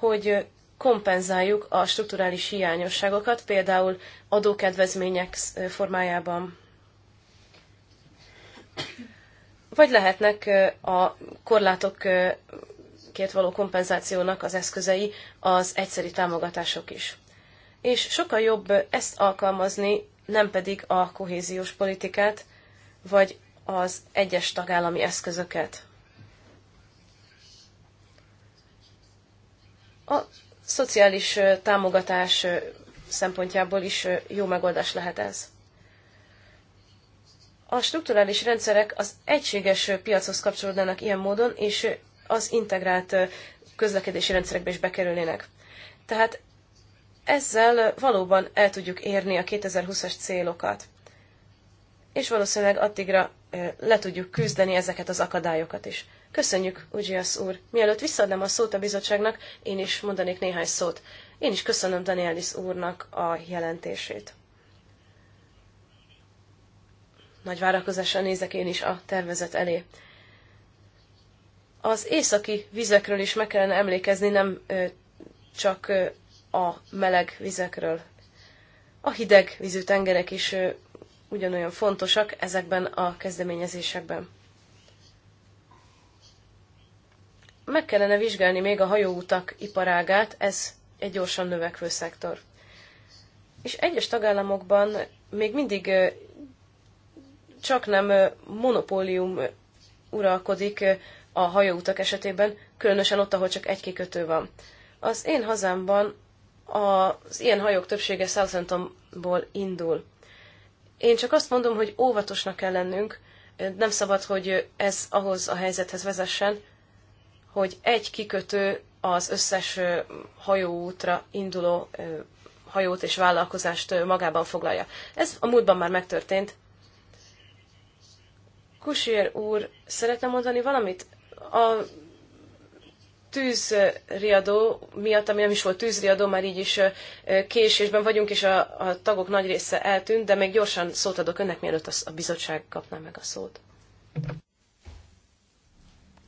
hogy eh, kompenzáljuk a strukturális hiányosságokat, például adókedvezmények formájában. Vagy lehetnek a korlátokért való kompenzációnak az eszközei az egyszeri támogatások is. És sokkal jobb ezt alkalmazni, nem pedig a kohéziós politikát, vagy az egyes tagállami eszközöket. A szociális támogatás szempontjából is jó megoldás lehet ez. A strukturális rendszerek az egységes piachoz kapcsolódnának ilyen módon, és az integrált közlekedési rendszerekbe is bekerülnének. Tehát ezzel valóban el tudjuk érni a 2020-as célokat. És valószínűleg addigra le tudjuk küzdeni ezeket az akadályokat is. Köszönjük, Ugyiasz úr. Mielőtt visszaadnám a szót a bizottságnak, én is mondanék néhány szót. Én is köszönöm Danielis úrnak a jelentését. Nagy várakozással nézek én is a tervezet elé. Az északi vizekről is meg kellene emlékezni, nem ö, csak ö, a meleg vizekről. A hideg vízű tengerek is ö, ugyanolyan fontosak ezekben a kezdeményezésekben. Meg kellene vizsgálni még a hajóutak iparágát, ez egy gyorsan növekvő szektor. És egyes tagállamokban még mindig csak nem monopólium uralkodik a hajóutak esetében, különösen ott, ahol csak egy kikötő van. Az én hazámban az ilyen hajók többsége Southamptonból indul. Én csak azt mondom, hogy óvatosnak kell lennünk, nem szabad, hogy ez ahhoz a helyzethez vezessen, hogy egy kikötő az összes hajóútra induló hajót és vállalkozást magában foglalja. Ez a múltban már megtörtént. Kusér úr, szeretne mondani valamit? A tűzriadó miatt, ami nem is volt tűzriadó, már így is késésben vagyunk, és a, a tagok nagy része eltűnt, de még gyorsan szót adok önnek, mielőtt a bizottság kapná meg a szót.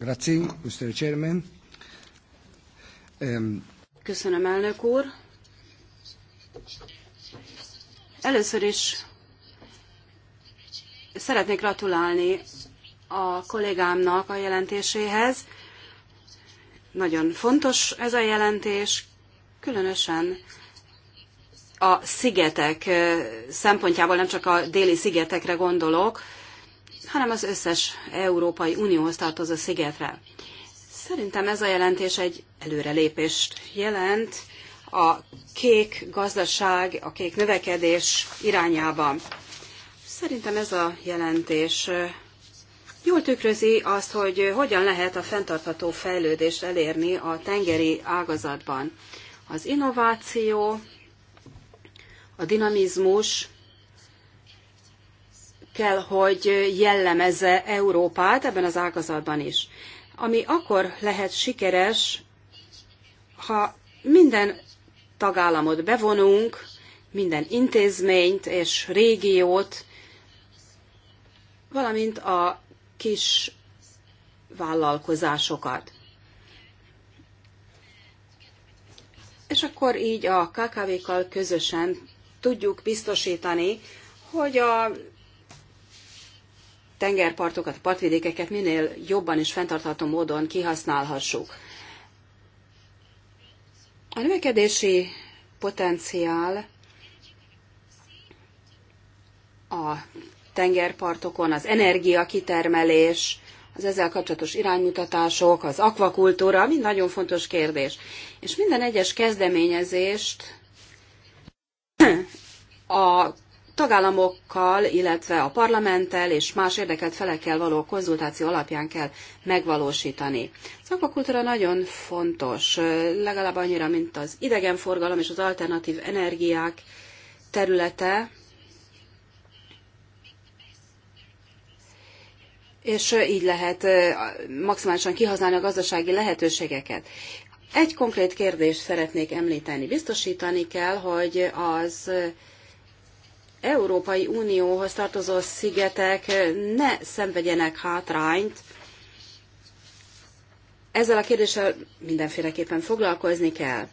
Grazie, Mr. Chairman. Um, Köszönöm, elnök úr. Először is szeretnék gratulálni a kollégámnak a jelentéséhez. Nagyon fontos ez a jelentés, különösen a szigetek eh, szempontjából, nem csak a déli szigetekre gondolok, hanem az összes Európai Unióhoz tartozó szigetre. Szerintem ez a jelentés egy előrelépést jelent a kék gazdaság, a kék növekedés irányában. Szerintem ez a jelentés jól tükrözi azt, hogy hogyan lehet a fenntartható fejlődést elérni a tengeri ágazatban. Az innováció, a dinamizmus, kell, hogy jellemezze Európát ebben az ágazatban is. Ami akkor lehet sikeres, ha minden tagállamot bevonunk, minden intézményt és régiót, valamint a kis vállalkozásokat. És akkor így a KKV-kkal közösen tudjuk biztosítani, hogy a tengerpartokat, partvidékeket minél jobban és fenntartható módon kihasználhassuk. A növekedési potenciál a tengerpartokon, az energiakitermelés, az ezzel kapcsolatos iránymutatások, az akvakultúra, mind nagyon fontos kérdés. És minden egyes kezdeményezést a tagállamokkal, illetve a parlamenttel és más érdekelt felekkel való konzultáció alapján kell megvalósítani. Az akvakultúra nagyon fontos, legalább annyira, mint az idegenforgalom és az alternatív energiák területe, és így lehet maximálisan kihasználni a gazdasági lehetőségeket. Egy konkrét kérdést szeretnék említeni. Biztosítani kell, hogy az Európai Unióhoz tartozó szigetek ne szenvedjenek hátrányt. Ezzel a kérdéssel mindenféleképpen foglalkozni kell.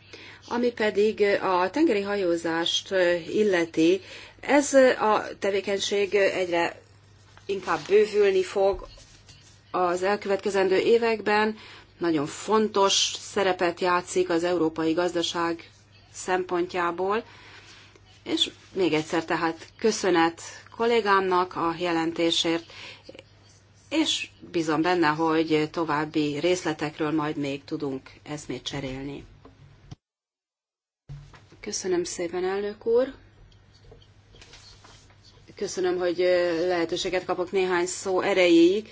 Ami pedig a tengeri hajózást illeti, ez a tevékenység egyre inkább bővülni fog az elkövetkezendő években. Nagyon fontos szerepet játszik az európai gazdaság szempontjából. És még egyszer tehát köszönet kollégámnak a jelentésért, és bízom benne, hogy további részletekről majd még tudunk eszmét cserélni. Köszönöm szépen, elnök úr! Köszönöm, hogy lehetőséget kapok néhány szó erejéig.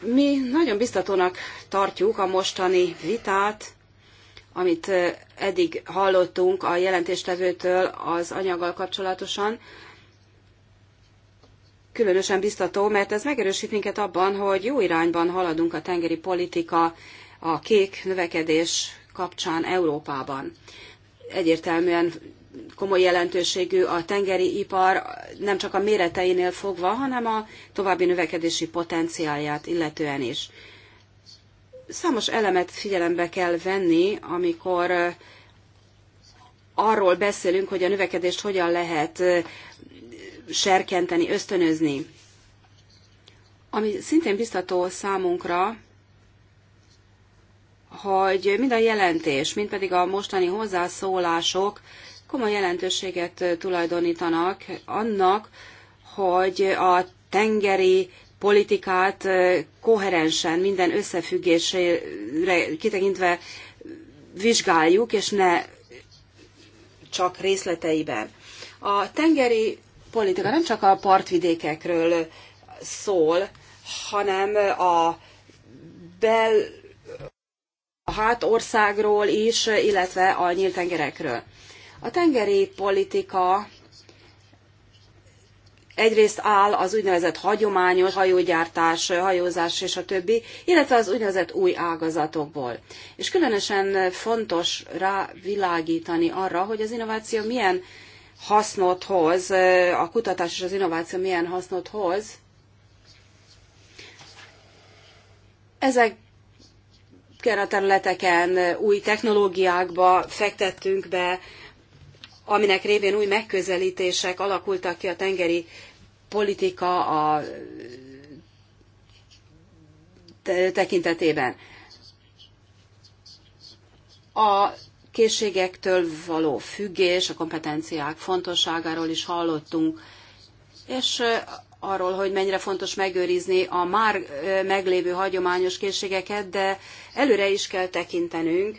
Mi nagyon biztatónak tartjuk a mostani vitát, amit eddig hallottunk a jelentéstevőtől az anyaggal kapcsolatosan, különösen biztató, mert ez megerősít minket abban, hogy jó irányban haladunk a tengeri politika, a kék növekedés kapcsán Európában. Egyértelműen komoly jelentőségű a tengeri ipar nem csak a méreteinél fogva, hanem a további növekedési potenciálját illetően is. Számos elemet figyelembe kell venni, amikor arról beszélünk, hogy a növekedést hogyan lehet serkenteni, ösztönözni. Ami szintén biztató számunkra, hogy mind a jelentés, mind pedig a mostani hozzászólások komoly jelentőséget tulajdonítanak annak, hogy a tengeri politikát koherensen, minden összefüggésre kitekintve vizsgáljuk, és ne csak részleteiben. A tengeri politika nem csak a partvidékekről szól, hanem a bel a hát országról is, illetve a nyílt tengerekről. A tengeri politika egyrészt áll az úgynevezett hagyományos hajógyártás, hajózás és a többi, illetve az úgynevezett új ágazatokból. És különösen fontos rávilágítani arra, hogy az innováció milyen hasznot hoz, a kutatás és az innováció milyen hasznot hoz. Ezek a területeken új technológiákba fektettünk be, aminek révén új megközelítések alakultak ki a tengeri politika a tekintetében. A készségektől való függés, a kompetenciák fontosságáról is hallottunk, és arról, hogy mennyire fontos megőrizni a már meglévő hagyományos készségeket, de előre is kell tekintenünk.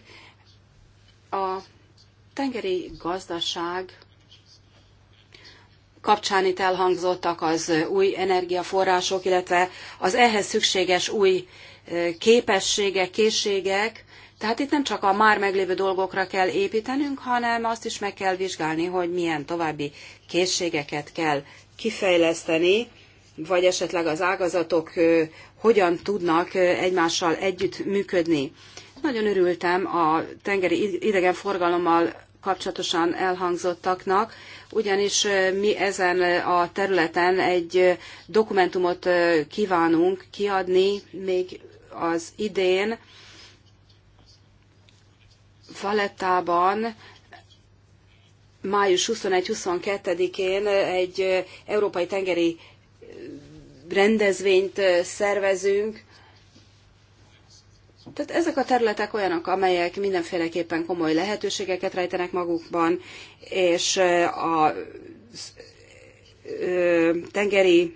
A tengeri gazdaság kapcsán itt elhangzottak az új energiaforrások, illetve az ehhez szükséges új e, képességek, készségek. Tehát itt nem csak a már meglévő dolgokra kell építenünk, hanem azt is meg kell vizsgálni, hogy milyen további készségeket kell kifejleszteni, vagy esetleg az ágazatok e, hogyan tudnak e, egymással együtt működni. Nagyon örültem a tengeri idegenforgalommal kapcsolatosan elhangzottaknak, ugyanis mi ezen a területen egy dokumentumot kívánunk kiadni még az idén. Valettában május 21-22-én egy európai tengeri rendezvényt szervezünk, tehát ezek a területek olyanok, amelyek mindenféleképpen komoly lehetőségeket rejtenek magukban, és a tengeri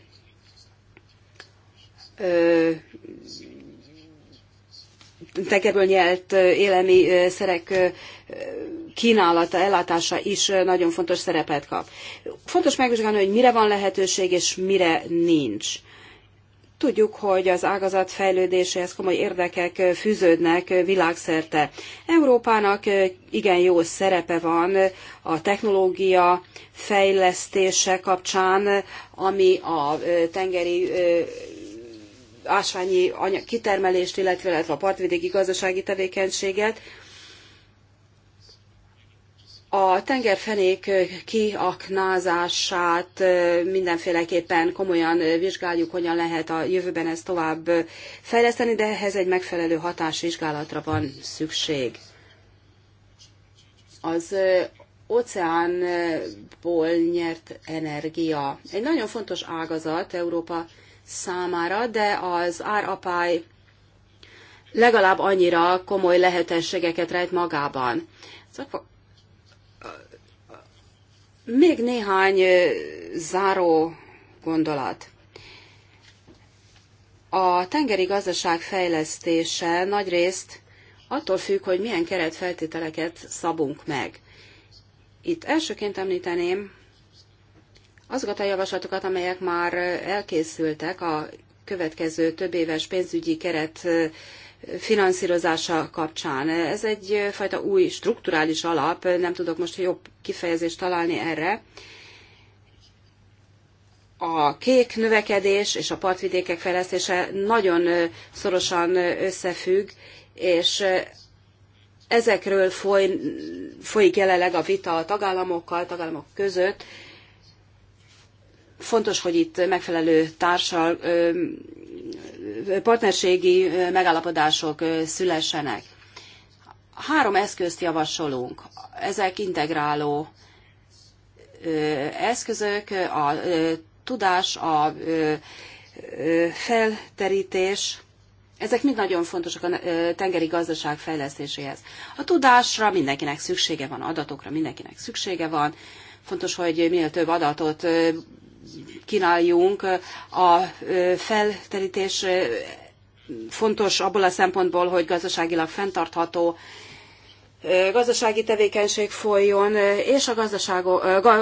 tengerből nyelt élelmi szerek kínálata, ellátása is nagyon fontos szerepet kap. Fontos megvizsgálni, hogy mire van lehetőség, és mire nincs. Tudjuk, hogy az ágazat fejlődéséhez komoly érdekek fűződnek világszerte. Európának igen jó szerepe van a technológia fejlesztése kapcsán, ami a tengeri ásványi kitermelést, illetve, illetve a partvidéki gazdasági tevékenységet a tengerfenék kiaknázását mindenféleképpen komolyan vizsgáljuk, hogyan lehet a jövőben ezt tovább fejleszteni, de ehhez egy megfelelő hatásvizsgálatra van szükség. Az óceánból nyert energia egy nagyon fontos ágazat Európa számára, de az árapály legalább annyira komoly lehetőségeket rejt magában. Szóval még néhány záró gondolat. A tengeri gazdaság fejlesztése nagyrészt attól függ, hogy milyen keretfeltételeket szabunk meg. Itt elsőként említeném azokat a javaslatokat, amelyek már elkészültek a következő több éves pénzügyi keret finanszírozása kapcsán. Ez egyfajta új strukturális alap, nem tudok most jobb kifejezést találni erre. A kék növekedés és a partvidékek fejlesztése nagyon szorosan összefügg, és ezekről foly, folyik jelenleg a vita a tagállamokkal, tagállamok között. Fontos, hogy itt megfelelő társal partnerségi megállapodások szülessenek. Három eszközt javasolunk. Ezek integráló eszközök, a tudás, a felterítés, ezek mind nagyon fontosak a tengeri gazdaság fejlesztéséhez. A tudásra mindenkinek szüksége van, adatokra mindenkinek szüksége van. Fontos, hogy minél több adatot kínáljunk. A felterítés fontos abból a szempontból, hogy gazdaságilag fenntartható gazdasági tevékenység folyjon, és a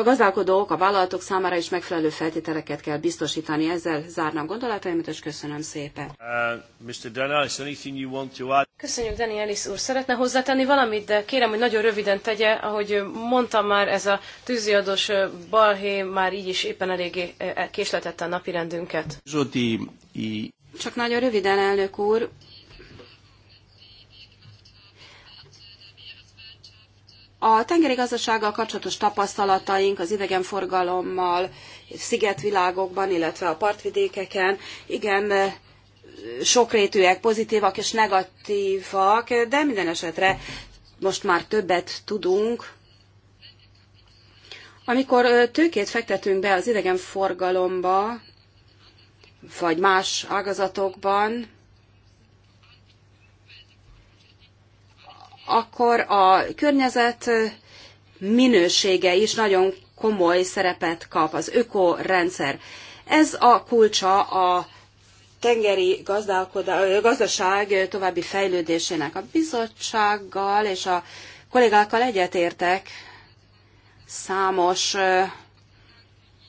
gazdálkodók, a vállalatok számára is megfelelő feltételeket kell biztosítani. Ezzel zárnám gondolataimat, és köszönöm szépen. Uh, Mr. Danielis, anything you want to add? Köszönjük, Danielis úr. Szeretne hozzátenni valamit, de kérem, hogy nagyon röviden tegye. Ahogy mondtam már, ez a tűziadós balhé már így is éppen eléggé e, késletette a napirendünket. Csak nagyon röviden, elnök úr. A tengeri gazdasággal kapcsolatos tapasztalataink az idegenforgalommal, szigetvilágokban, illetve a partvidékeken igen sokrétűek, pozitívak és negatívak, de minden esetre most már többet tudunk. Amikor tőkét fektetünk be az idegenforgalomba, vagy más ágazatokban, akkor a környezet minősége is nagyon komoly szerepet kap, az ökorendszer. Ez a kulcsa a tengeri gazdaság további fejlődésének. A bizottsággal és a kollégákkal egyetértek számos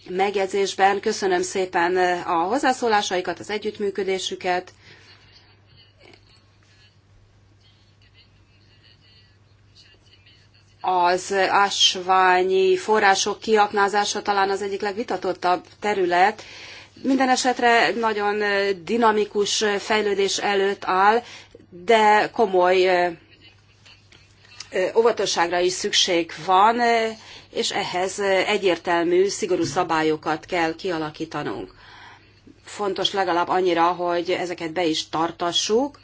megjegyzésben. Köszönöm szépen a hozzászólásaikat, az együttműködésüket. az ásványi források kiaknázása talán az egyik legvitatottabb terület. Minden esetre nagyon dinamikus fejlődés előtt áll, de komoly óvatosságra is szükség van, és ehhez egyértelmű, szigorú szabályokat kell kialakítanunk. Fontos legalább annyira, hogy ezeket be is tartassuk,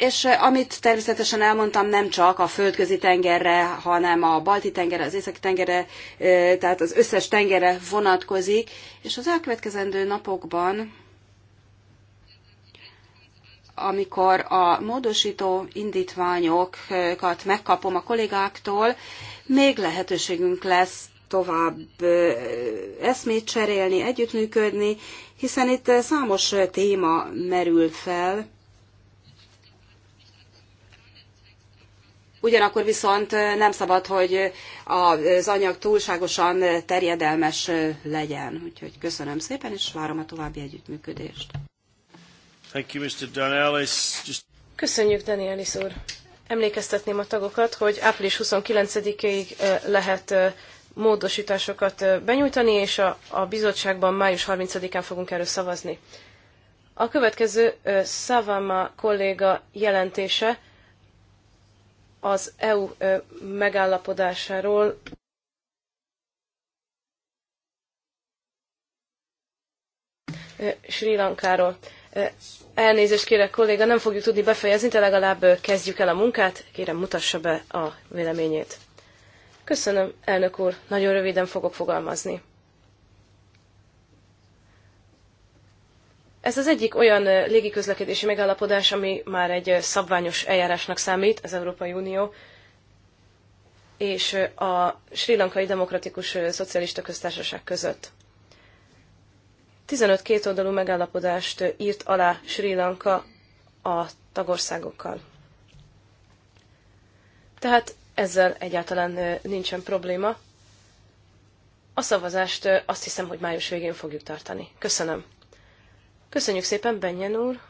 és eh, amit természetesen elmondtam, nem csak a földközi tengerre, hanem a balti tengerre, az északi tengerre, eh, tehát az összes tengerre vonatkozik, és az elkövetkezendő napokban, amikor a módosító indítványokat megkapom a kollégáktól, még lehetőségünk lesz tovább eh, eszmét cserélni, együttműködni, hiszen itt számos téma merül fel, Ugyanakkor viszont nem szabad, hogy az anyag túlságosan terjedelmes legyen. Úgyhogy köszönöm szépen, és várom a további együttműködést. Thank you, Mr. Danielis. Just... Köszönjük, Danielis úr. Emlékeztetném a tagokat, hogy április 29-ig lehet módosításokat benyújtani, és a, a bizottságban május 30-án fogunk erről szavazni. A következő Szavama kolléga jelentése az EU megállapodásáról Sri Lankáról. Elnézést kérek, kolléga, nem fogjuk tudni befejezni, de legalább kezdjük el a munkát. Kérem, mutassa be a véleményét. Köszönöm, elnök úr, nagyon röviden fogok fogalmazni. Ez az egyik olyan légiközlekedési megállapodás, ami már egy szabványos eljárásnak számít az Európai Unió és a Sri Lankai Demokratikus Szocialista Köztársaság között. 15 kétoldalú megállapodást írt alá Sri Lanka a tagországokkal. Tehát ezzel egyáltalán nincsen probléma. A szavazást azt hiszem, hogy május végén fogjuk tartani. Köszönöm. Köszönjük szépen, Benyen úr!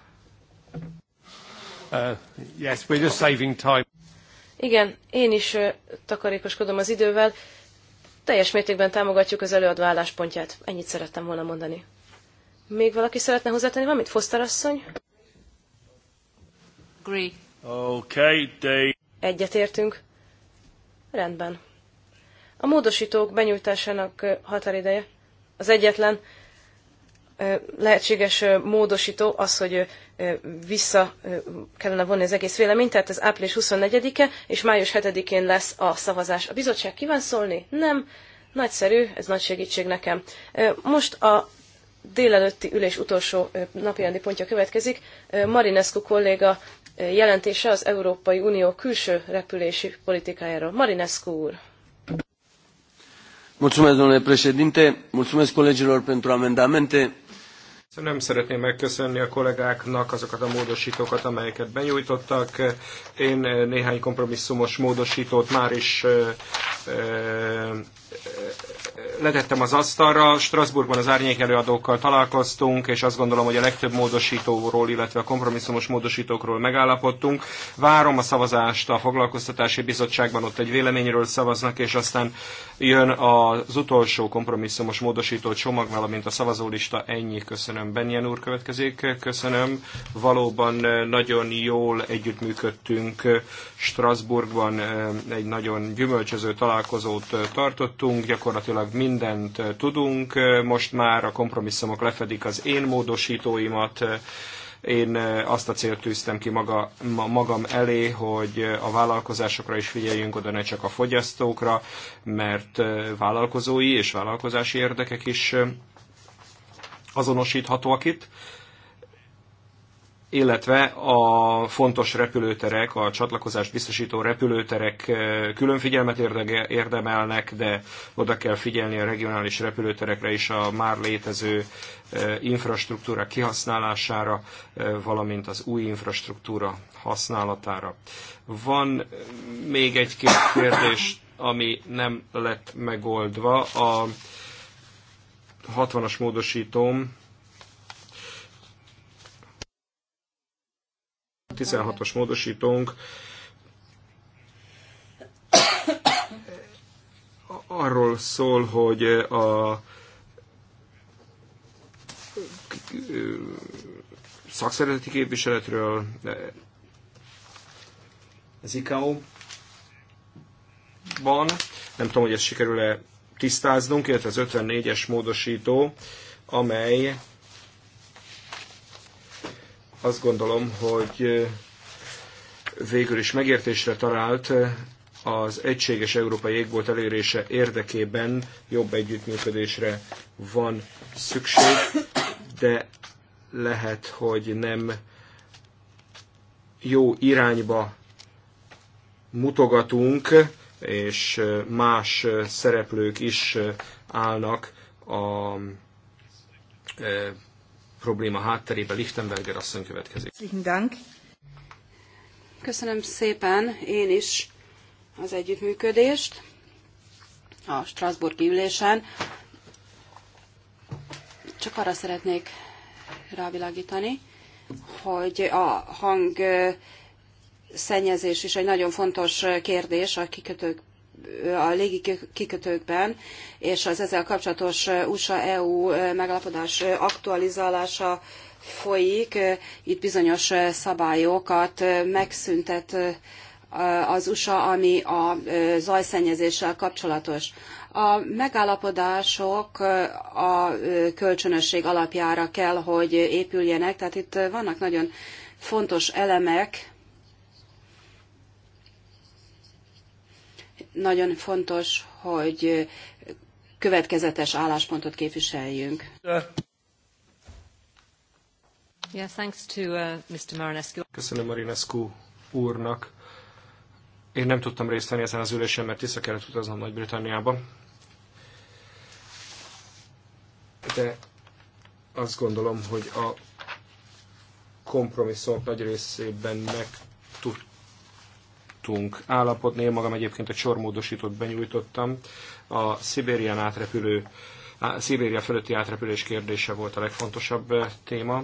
Uh, yes, we're just saving time. Igen, én is uh, takarékoskodom az idővel. Teljes mértékben támogatjuk az előadó álláspontját. Ennyit szerettem volna mondani. Még valaki szeretne hozzátenni valamit? Foster asszony? Agree. Okay, they... Egyetértünk. Rendben. A módosítók benyújtásának uh, határideje az egyetlen lehetséges módosító az, hogy vissza kellene vonni az egész véleményt, tehát ez április 24-e, és május 7-én lesz a szavazás. A bizottság kíván szólni? Nem. Nagyszerű, ez nagy segítség nekem. Most a délelőtti ülés utolsó napirendi pontja következik. Marinescu kolléga jelentése az Európai Unió külső repülési politikájáról. Marinescu úr. Mulțumesc, domnule președinte, mulțumesc colegilor pentru amendamente. Szóval nem szeretném megköszönni a kollégáknak azokat a módosítókat, amelyeket benyújtottak. Én néhány kompromisszumos módosítót már is letettem az asztalra, Strasbourgban az árnyék előadókkal találkoztunk, és azt gondolom, hogy a legtöbb módosítóról, illetve a kompromisszumos módosítókról megállapodtunk. Várom a szavazást a foglalkoztatási bizottságban, ott egy véleményről szavaznak, és aztán jön az utolsó kompromisszumos módosító csomag, valamint a szavazólista. Ennyi, köszönöm. Benjen úr következik, köszönöm. Valóban nagyon jól együttműködtünk Strasbourgban, egy nagyon gyümölcsöző találkozót tartott tudtunk, gyakorlatilag mindent tudunk, most már a kompromisszumok lefedik az én módosítóimat, én azt a célt tűztem ki maga, magam elé, hogy a vállalkozásokra is figyeljünk oda, ne csak a fogyasztókra, mert vállalkozói és vállalkozási érdekek is azonosíthatóak itt, illetve a fontos repülőterek, a csatlakozást biztosító repülőterek eh, külön figyelmet érdemelnek, de oda kell figyelni a regionális repülőterekre is a már létező eh, infrastruktúra kihasználására, eh, valamint az új infrastruktúra használatára. Van még egy-két kérdés, ami nem lett megoldva. A 60-as módosítóm 16-os módosítónk arról szól, hogy a szakszervezeti képviseletről az ICAO-ban. Nem tudom, hogy ezt sikerül-e tisztáznunk, illetve az 54-es módosító, amely azt gondolom, hogy végül is megértésre talált az egységes európai égbolt elérése érdekében jobb együttműködésre van szükség, de lehet, hogy nem jó irányba mutogatunk, és más szereplők is állnak a probléma hátterében. Lichtenberger asszony következik. Köszönöm szépen én is az együttműködést a Strasbourg ülésen. Csak arra szeretnék rávilágítani, hogy a hang szennyezés is egy nagyon fontos kérdés a kikötők a légi kikötőkben, és az ezzel kapcsolatos USA-EU megállapodás aktualizálása folyik. Itt bizonyos szabályokat megszüntet az USA, ami a zajszennyezéssel kapcsolatos. A megállapodások a kölcsönösség alapjára kell, hogy épüljenek, tehát itt vannak nagyon fontos elemek, nagyon fontos, hogy következetes álláspontot képviseljünk. thanks to, uh, Mr. Marinescu. Köszönöm Marinescu úrnak. Én nem tudtam részt venni ezen az ülésen, mert vissza kellett utaznom Nagy-Britanniába. De azt gondolom, hogy a kompromisszumok nagy részében meg tudtunk állapodni. Én magam egyébként egy sormódosított benyújtottam. A Szibérián átrepülő, á, Szibéria fölötti átrepülés kérdése volt a legfontosabb eh, téma,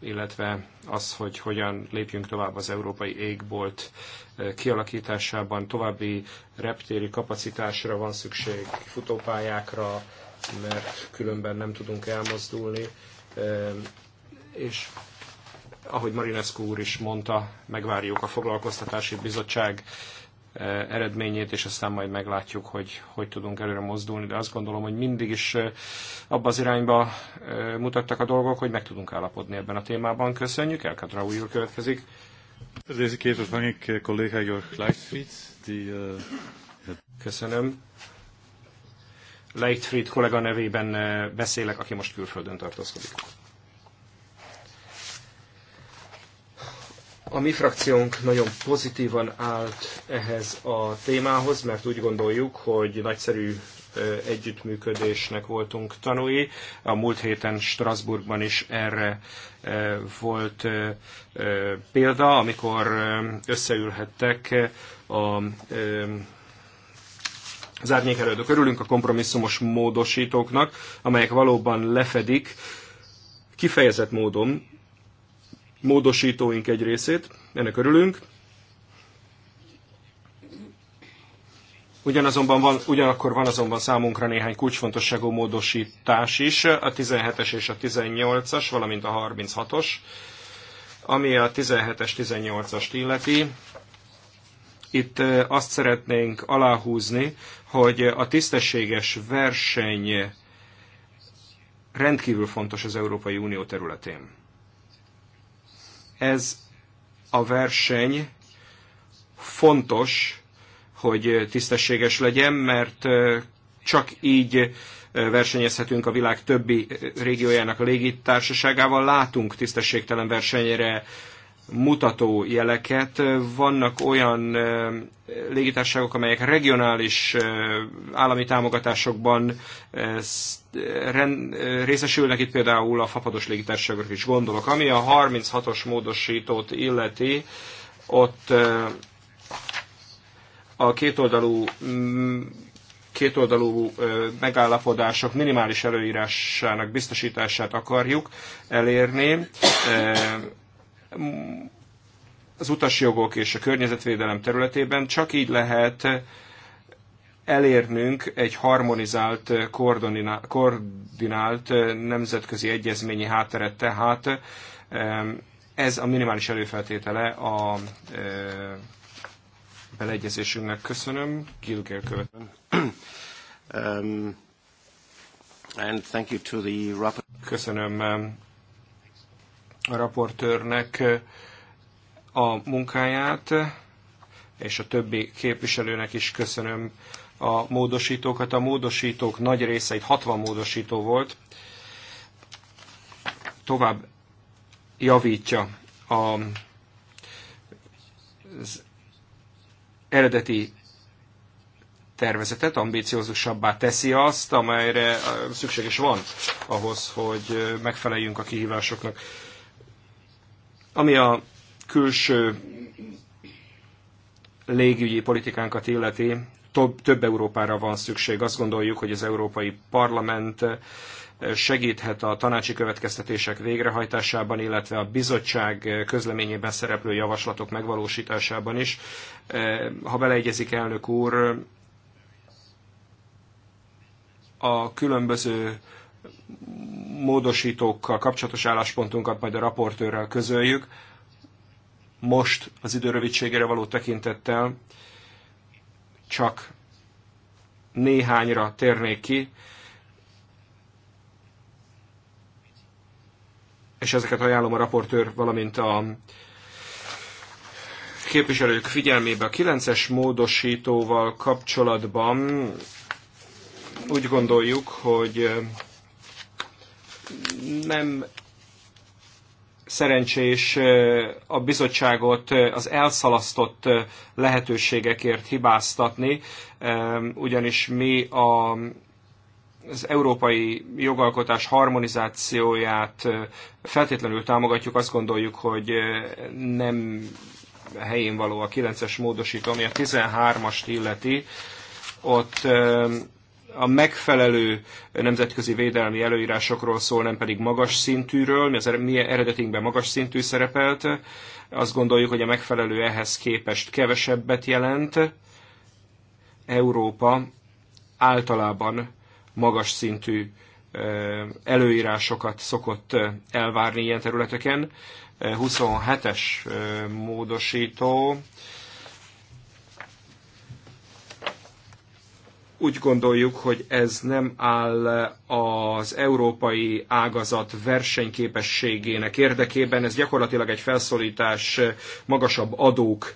illetve az, hogy hogyan lépjünk tovább az európai égbolt eh, kialakításában. További reptéri kapacitásra van szükség, futópályákra, mert különben nem tudunk elmozdulni és ahogy Marinescu úr is mondta, megvárjuk a foglalkoztatási bizottság eh, eredményét, és aztán majd meglátjuk, hogy hogy tudunk előre mozdulni, de azt gondolom, hogy mindig is eh, abba az irányba eh, mutattak a dolgok, hogy meg tudunk állapodni ebben a témában. Köszönjük, Elkatra úr következik. Köszönöm. Leitfried kollega nevében beszélek, aki most külföldön tartózkodik. A mi frakciónk nagyon pozitívan állt ehhez a témához, mert úgy gondoljuk, hogy nagyszerű együttműködésnek voltunk tanúi. A múlt héten Strasbourgban is erre volt példa, amikor összeülhettek a az árnyékelődök. Örülünk a kompromisszumos módosítóknak, amelyek valóban lefedik kifejezett módon módosítóink egy részét, ennek örülünk. Ugyanazonban van, ugyanakkor van azonban számunkra néhány kulcsfontosságú módosítás is, a 17-es és a 18-as, valamint a 36-os, ami a 17-es, 18-ast illeti. Itt azt szeretnénk aláhúzni, hogy a tisztességes verseny rendkívül fontos az Európai Unió területén. Ez a verseny fontos, hogy tisztességes legyen, mert csak így versenyezhetünk a világ többi régiójának a légitársaságával. Látunk tisztességtelen versenyre mutató jeleket. Vannak olyan légitárságok, amelyek regionális állami támogatásokban részesülnek, itt például a fapados légitársaságok is gondolok. Ami a 36-os módosítót illeti, ott a kétoldalú kétoldalú megállapodások minimális előírásának biztosítását akarjuk elérni az utasjogok és a környezetvédelem területében csak így lehet elérnünk egy harmonizált, koordinált eh, nemzetközi egyezményi hátteret, tehát ez a minimális előfeltétele a eh, beleegyezésünknek. Köszönöm. Gilger követően. Um, and thank you to the Köszönöm a raportőrnek a munkáját, és a többi képviselőnek is köszönöm a módosítókat. A módosítók nagy része, itt 60 módosító volt, tovább javítja a, az eredeti tervezetet, ambíciózusabbá teszi azt, amelyre szükséges van ahhoz, hogy megfeleljünk a kihívásoknak. Ami a külső légügyi politikánkat illeti, több, több Európára van szükség. Azt gondoljuk, hogy az Európai Parlament segíthet a tanácsi következtetések végrehajtásában, illetve a bizottság közleményében szereplő javaslatok megvalósításában is. Ha beleegyezik elnök úr, a különböző módosítókkal kapcsolatos álláspontunkat majd a raportőrrel közöljük. Most az időrövidségére való tekintettel csak néhányra térnék ki, és ezeket ajánlom a raportőr, valamint a képviselők figyelmébe. A 9-es módosítóval kapcsolatban úgy gondoljuk, hogy nem szerencsés eh, a bizottságot eh, az elszalasztott eh, lehetőségekért hibáztatni, ugyanis mi a, az európai jogalkotás harmonizációját feltétlenül támogatjuk, azt gondoljuk, hogy nem helyén való a 9-es módosító, ami a 13-ast illeti, ott a megfelelő nemzetközi védelmi előírásokról szól, nem pedig magas szintűről, mi az er-, mi magas szintű szerepelt. Azt gondoljuk, hogy a megfelelő ehhez képest kevesebbet jelent. Európa általában magas szintű előírásokat szokott elvárni ilyen területeken. 27-es módosító Úgy gondoljuk, hogy ez nem áll az európai ágazat versenyképességének érdekében, ez gyakorlatilag egy felszólítás magasabb adók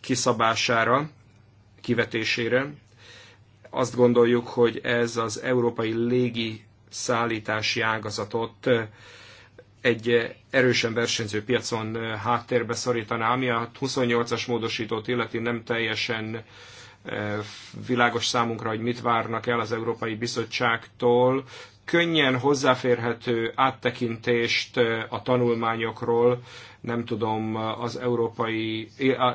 kiszabására, kivetésére. Azt gondoljuk, hogy ez az európai légi szállítási ágazatot egy erősen versenyző piacon háttérbe szorítaná, ami a 28-as módosítót illeti nem teljesen világos számunkra, hogy mit várnak el az Európai Bizottságtól, könnyen hozzáférhető áttekintést a tanulmányokról. Nem tudom, az európai,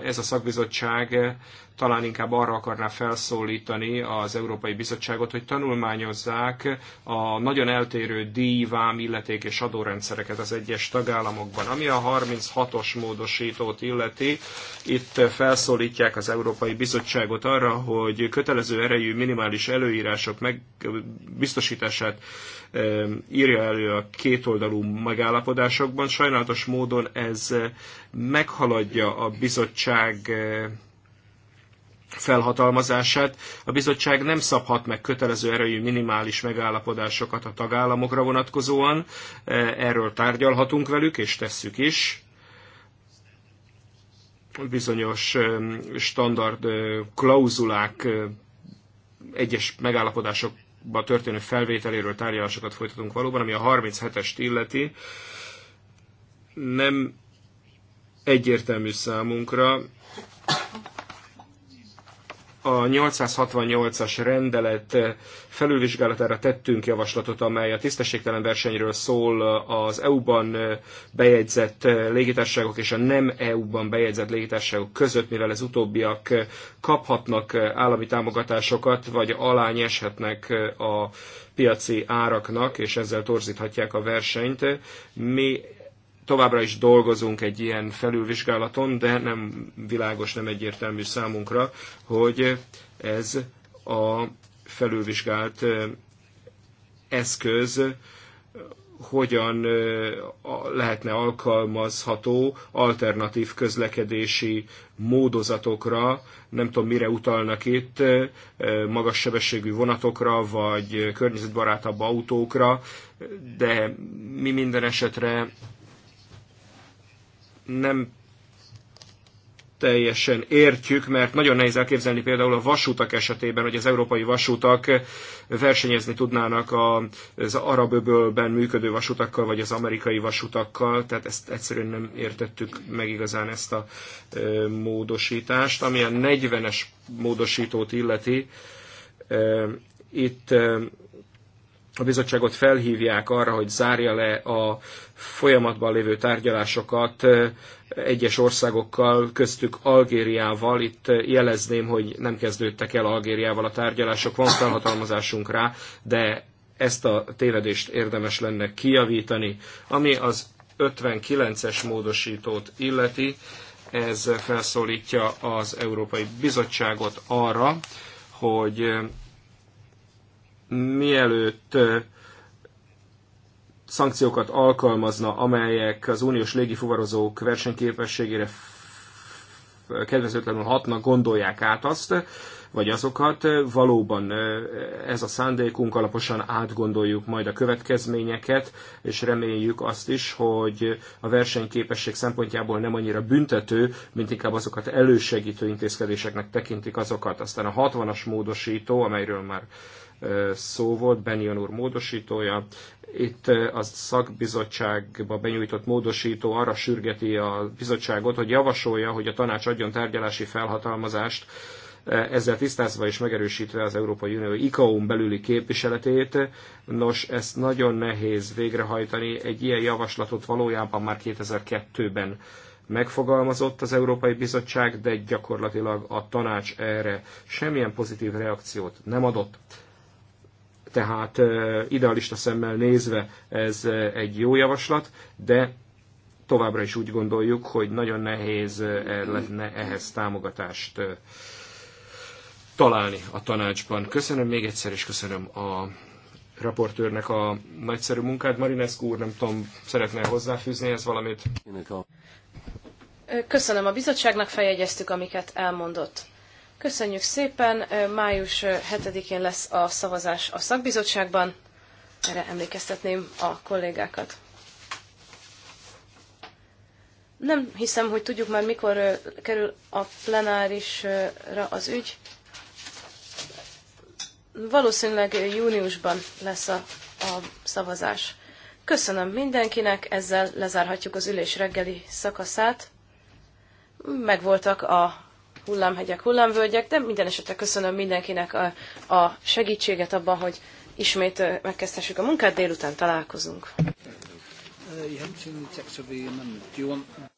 ez a szakbizottság talán inkább arra akarná felszólítani az Európai Bizottságot, hogy tanulmányozzák a nagyon eltérő díjvám, illeték és adórendszereket az egyes tagállamokban. Ami a 36-os módosítót illeti, itt felszólítják az Európai Bizottságot arra, hogy kötelező erejű minimális előírások meg biztosítását írja elő a kétoldalú megállapodásokban. Sajnálatos módon ez eh, meghaladja a bizottság eh, felhatalmazását. A bizottság nem szabhat meg kötelező erejű minimális megállapodásokat a tagállamokra vonatkozóan. Eh, erről tárgyalhatunk velük, és tesszük is bizonyos standard klauzulák egyes megállapodások ba történő felvételéről tárgyalásokat folytatunk valóban, ami a 37-est illeti. Nem egyértelmű számunkra, a 868-as rendelet felülvizsgálatára tettünk javaslatot, amely a tisztességtelen versenyről szól az EU-ban bejegyzett légitárságok és a nem EU-ban bejegyzett légitárságok között, mivel ez utóbbiak kaphatnak állami támogatásokat, vagy alány eshetnek a piaci áraknak, és ezzel torzíthatják a versenyt. Mi továbbra is dolgozunk egy ilyen felülvizsgálaton, de nem világos, nem egyértelmű számunkra, hogy ez a felülvizsgált eszköz hogyan lehetne alkalmazható alternatív közlekedési módozatokra, nem tudom mire utalnak itt, magas sebességű vonatokra, vagy környezetbarátabb autókra, de mi minden esetre nem teljesen értjük, mert nagyon nehéz elképzelni például a vasútak esetében, hogy az európai vasútak versenyezni tudnának az arab öbölben működő vasutakkal, vagy az amerikai vasutakkal, tehát ezt egyszerűen nem értettük meg igazán ezt a módosítást. Ami a 40-es módosítót illeti, itt a bizottságot felhívják arra, hogy zárja le a folyamatban lévő tárgyalásokat egyes országokkal, köztük Algériával. Itt jelezném, hogy nem kezdődtek el Algériával a tárgyalások, van felhatalmazásunk rá, de ezt a tévedést érdemes lenne kijavítani. Ami az 59-es módosítót illeti, ez felszólítja az Európai Bizottságot arra, hogy mielőtt szankciókat alkalmazna, amelyek az uniós légifuvarozók versenyképességére kedvezőtlenül hatnak, gondolják át azt, vagy azokat. Valóban ez a szándékunk, alaposan átgondoljuk majd a következményeket, és reméljük azt is, hogy a versenyképesség szempontjából nem annyira büntető, mint inkább azokat elősegítő intézkedéseknek tekintik azokat. Aztán a 60-as módosító, amelyről már szó volt, Benyon úr módosítója. Itt a szakbizottságba benyújtott módosító arra sürgeti a bizottságot, hogy javasolja, hogy a tanács adjon tárgyalási felhatalmazást, ezzel tisztázva és megerősítve az Európai Unió ICAO-n belüli képviseletét. Nos, ezt nagyon nehéz végrehajtani. Egy ilyen javaslatot valójában már 2002-ben megfogalmazott az Európai Bizottság, de gyakorlatilag a tanács erre semmilyen pozitív reakciót nem adott tehát idealista szemmel nézve ez egy jó javaslat, de továbbra is úgy gondoljuk, hogy nagyon nehéz lenne ehhez támogatást találni a tanácsban. Köszönöm még egyszer, és köszönöm a raportőrnek a nagyszerű munkát. Marinescu úr, nem tudom, szeretne hozzáfűzni ez valamit? Köszönöm a bizottságnak, feljegyeztük, amiket elmondott. Köszönjük szépen! Május 7-én lesz a szavazás a szakbizottságban. Erre emlékeztetném a kollégákat. Nem hiszem, hogy tudjuk már, mikor kerül a plenárisra az ügy. Valószínűleg júniusban lesz a, a szavazás. Köszönöm mindenkinek, ezzel lezárhatjuk az ülés reggeli szakaszát. Megvoltak a hullámhegyek, hullámvölgyek, de minden esetre köszönöm mindenkinek a, a segítséget abban, hogy ismét megkezdhessük a munkát, délután találkozunk. Uh,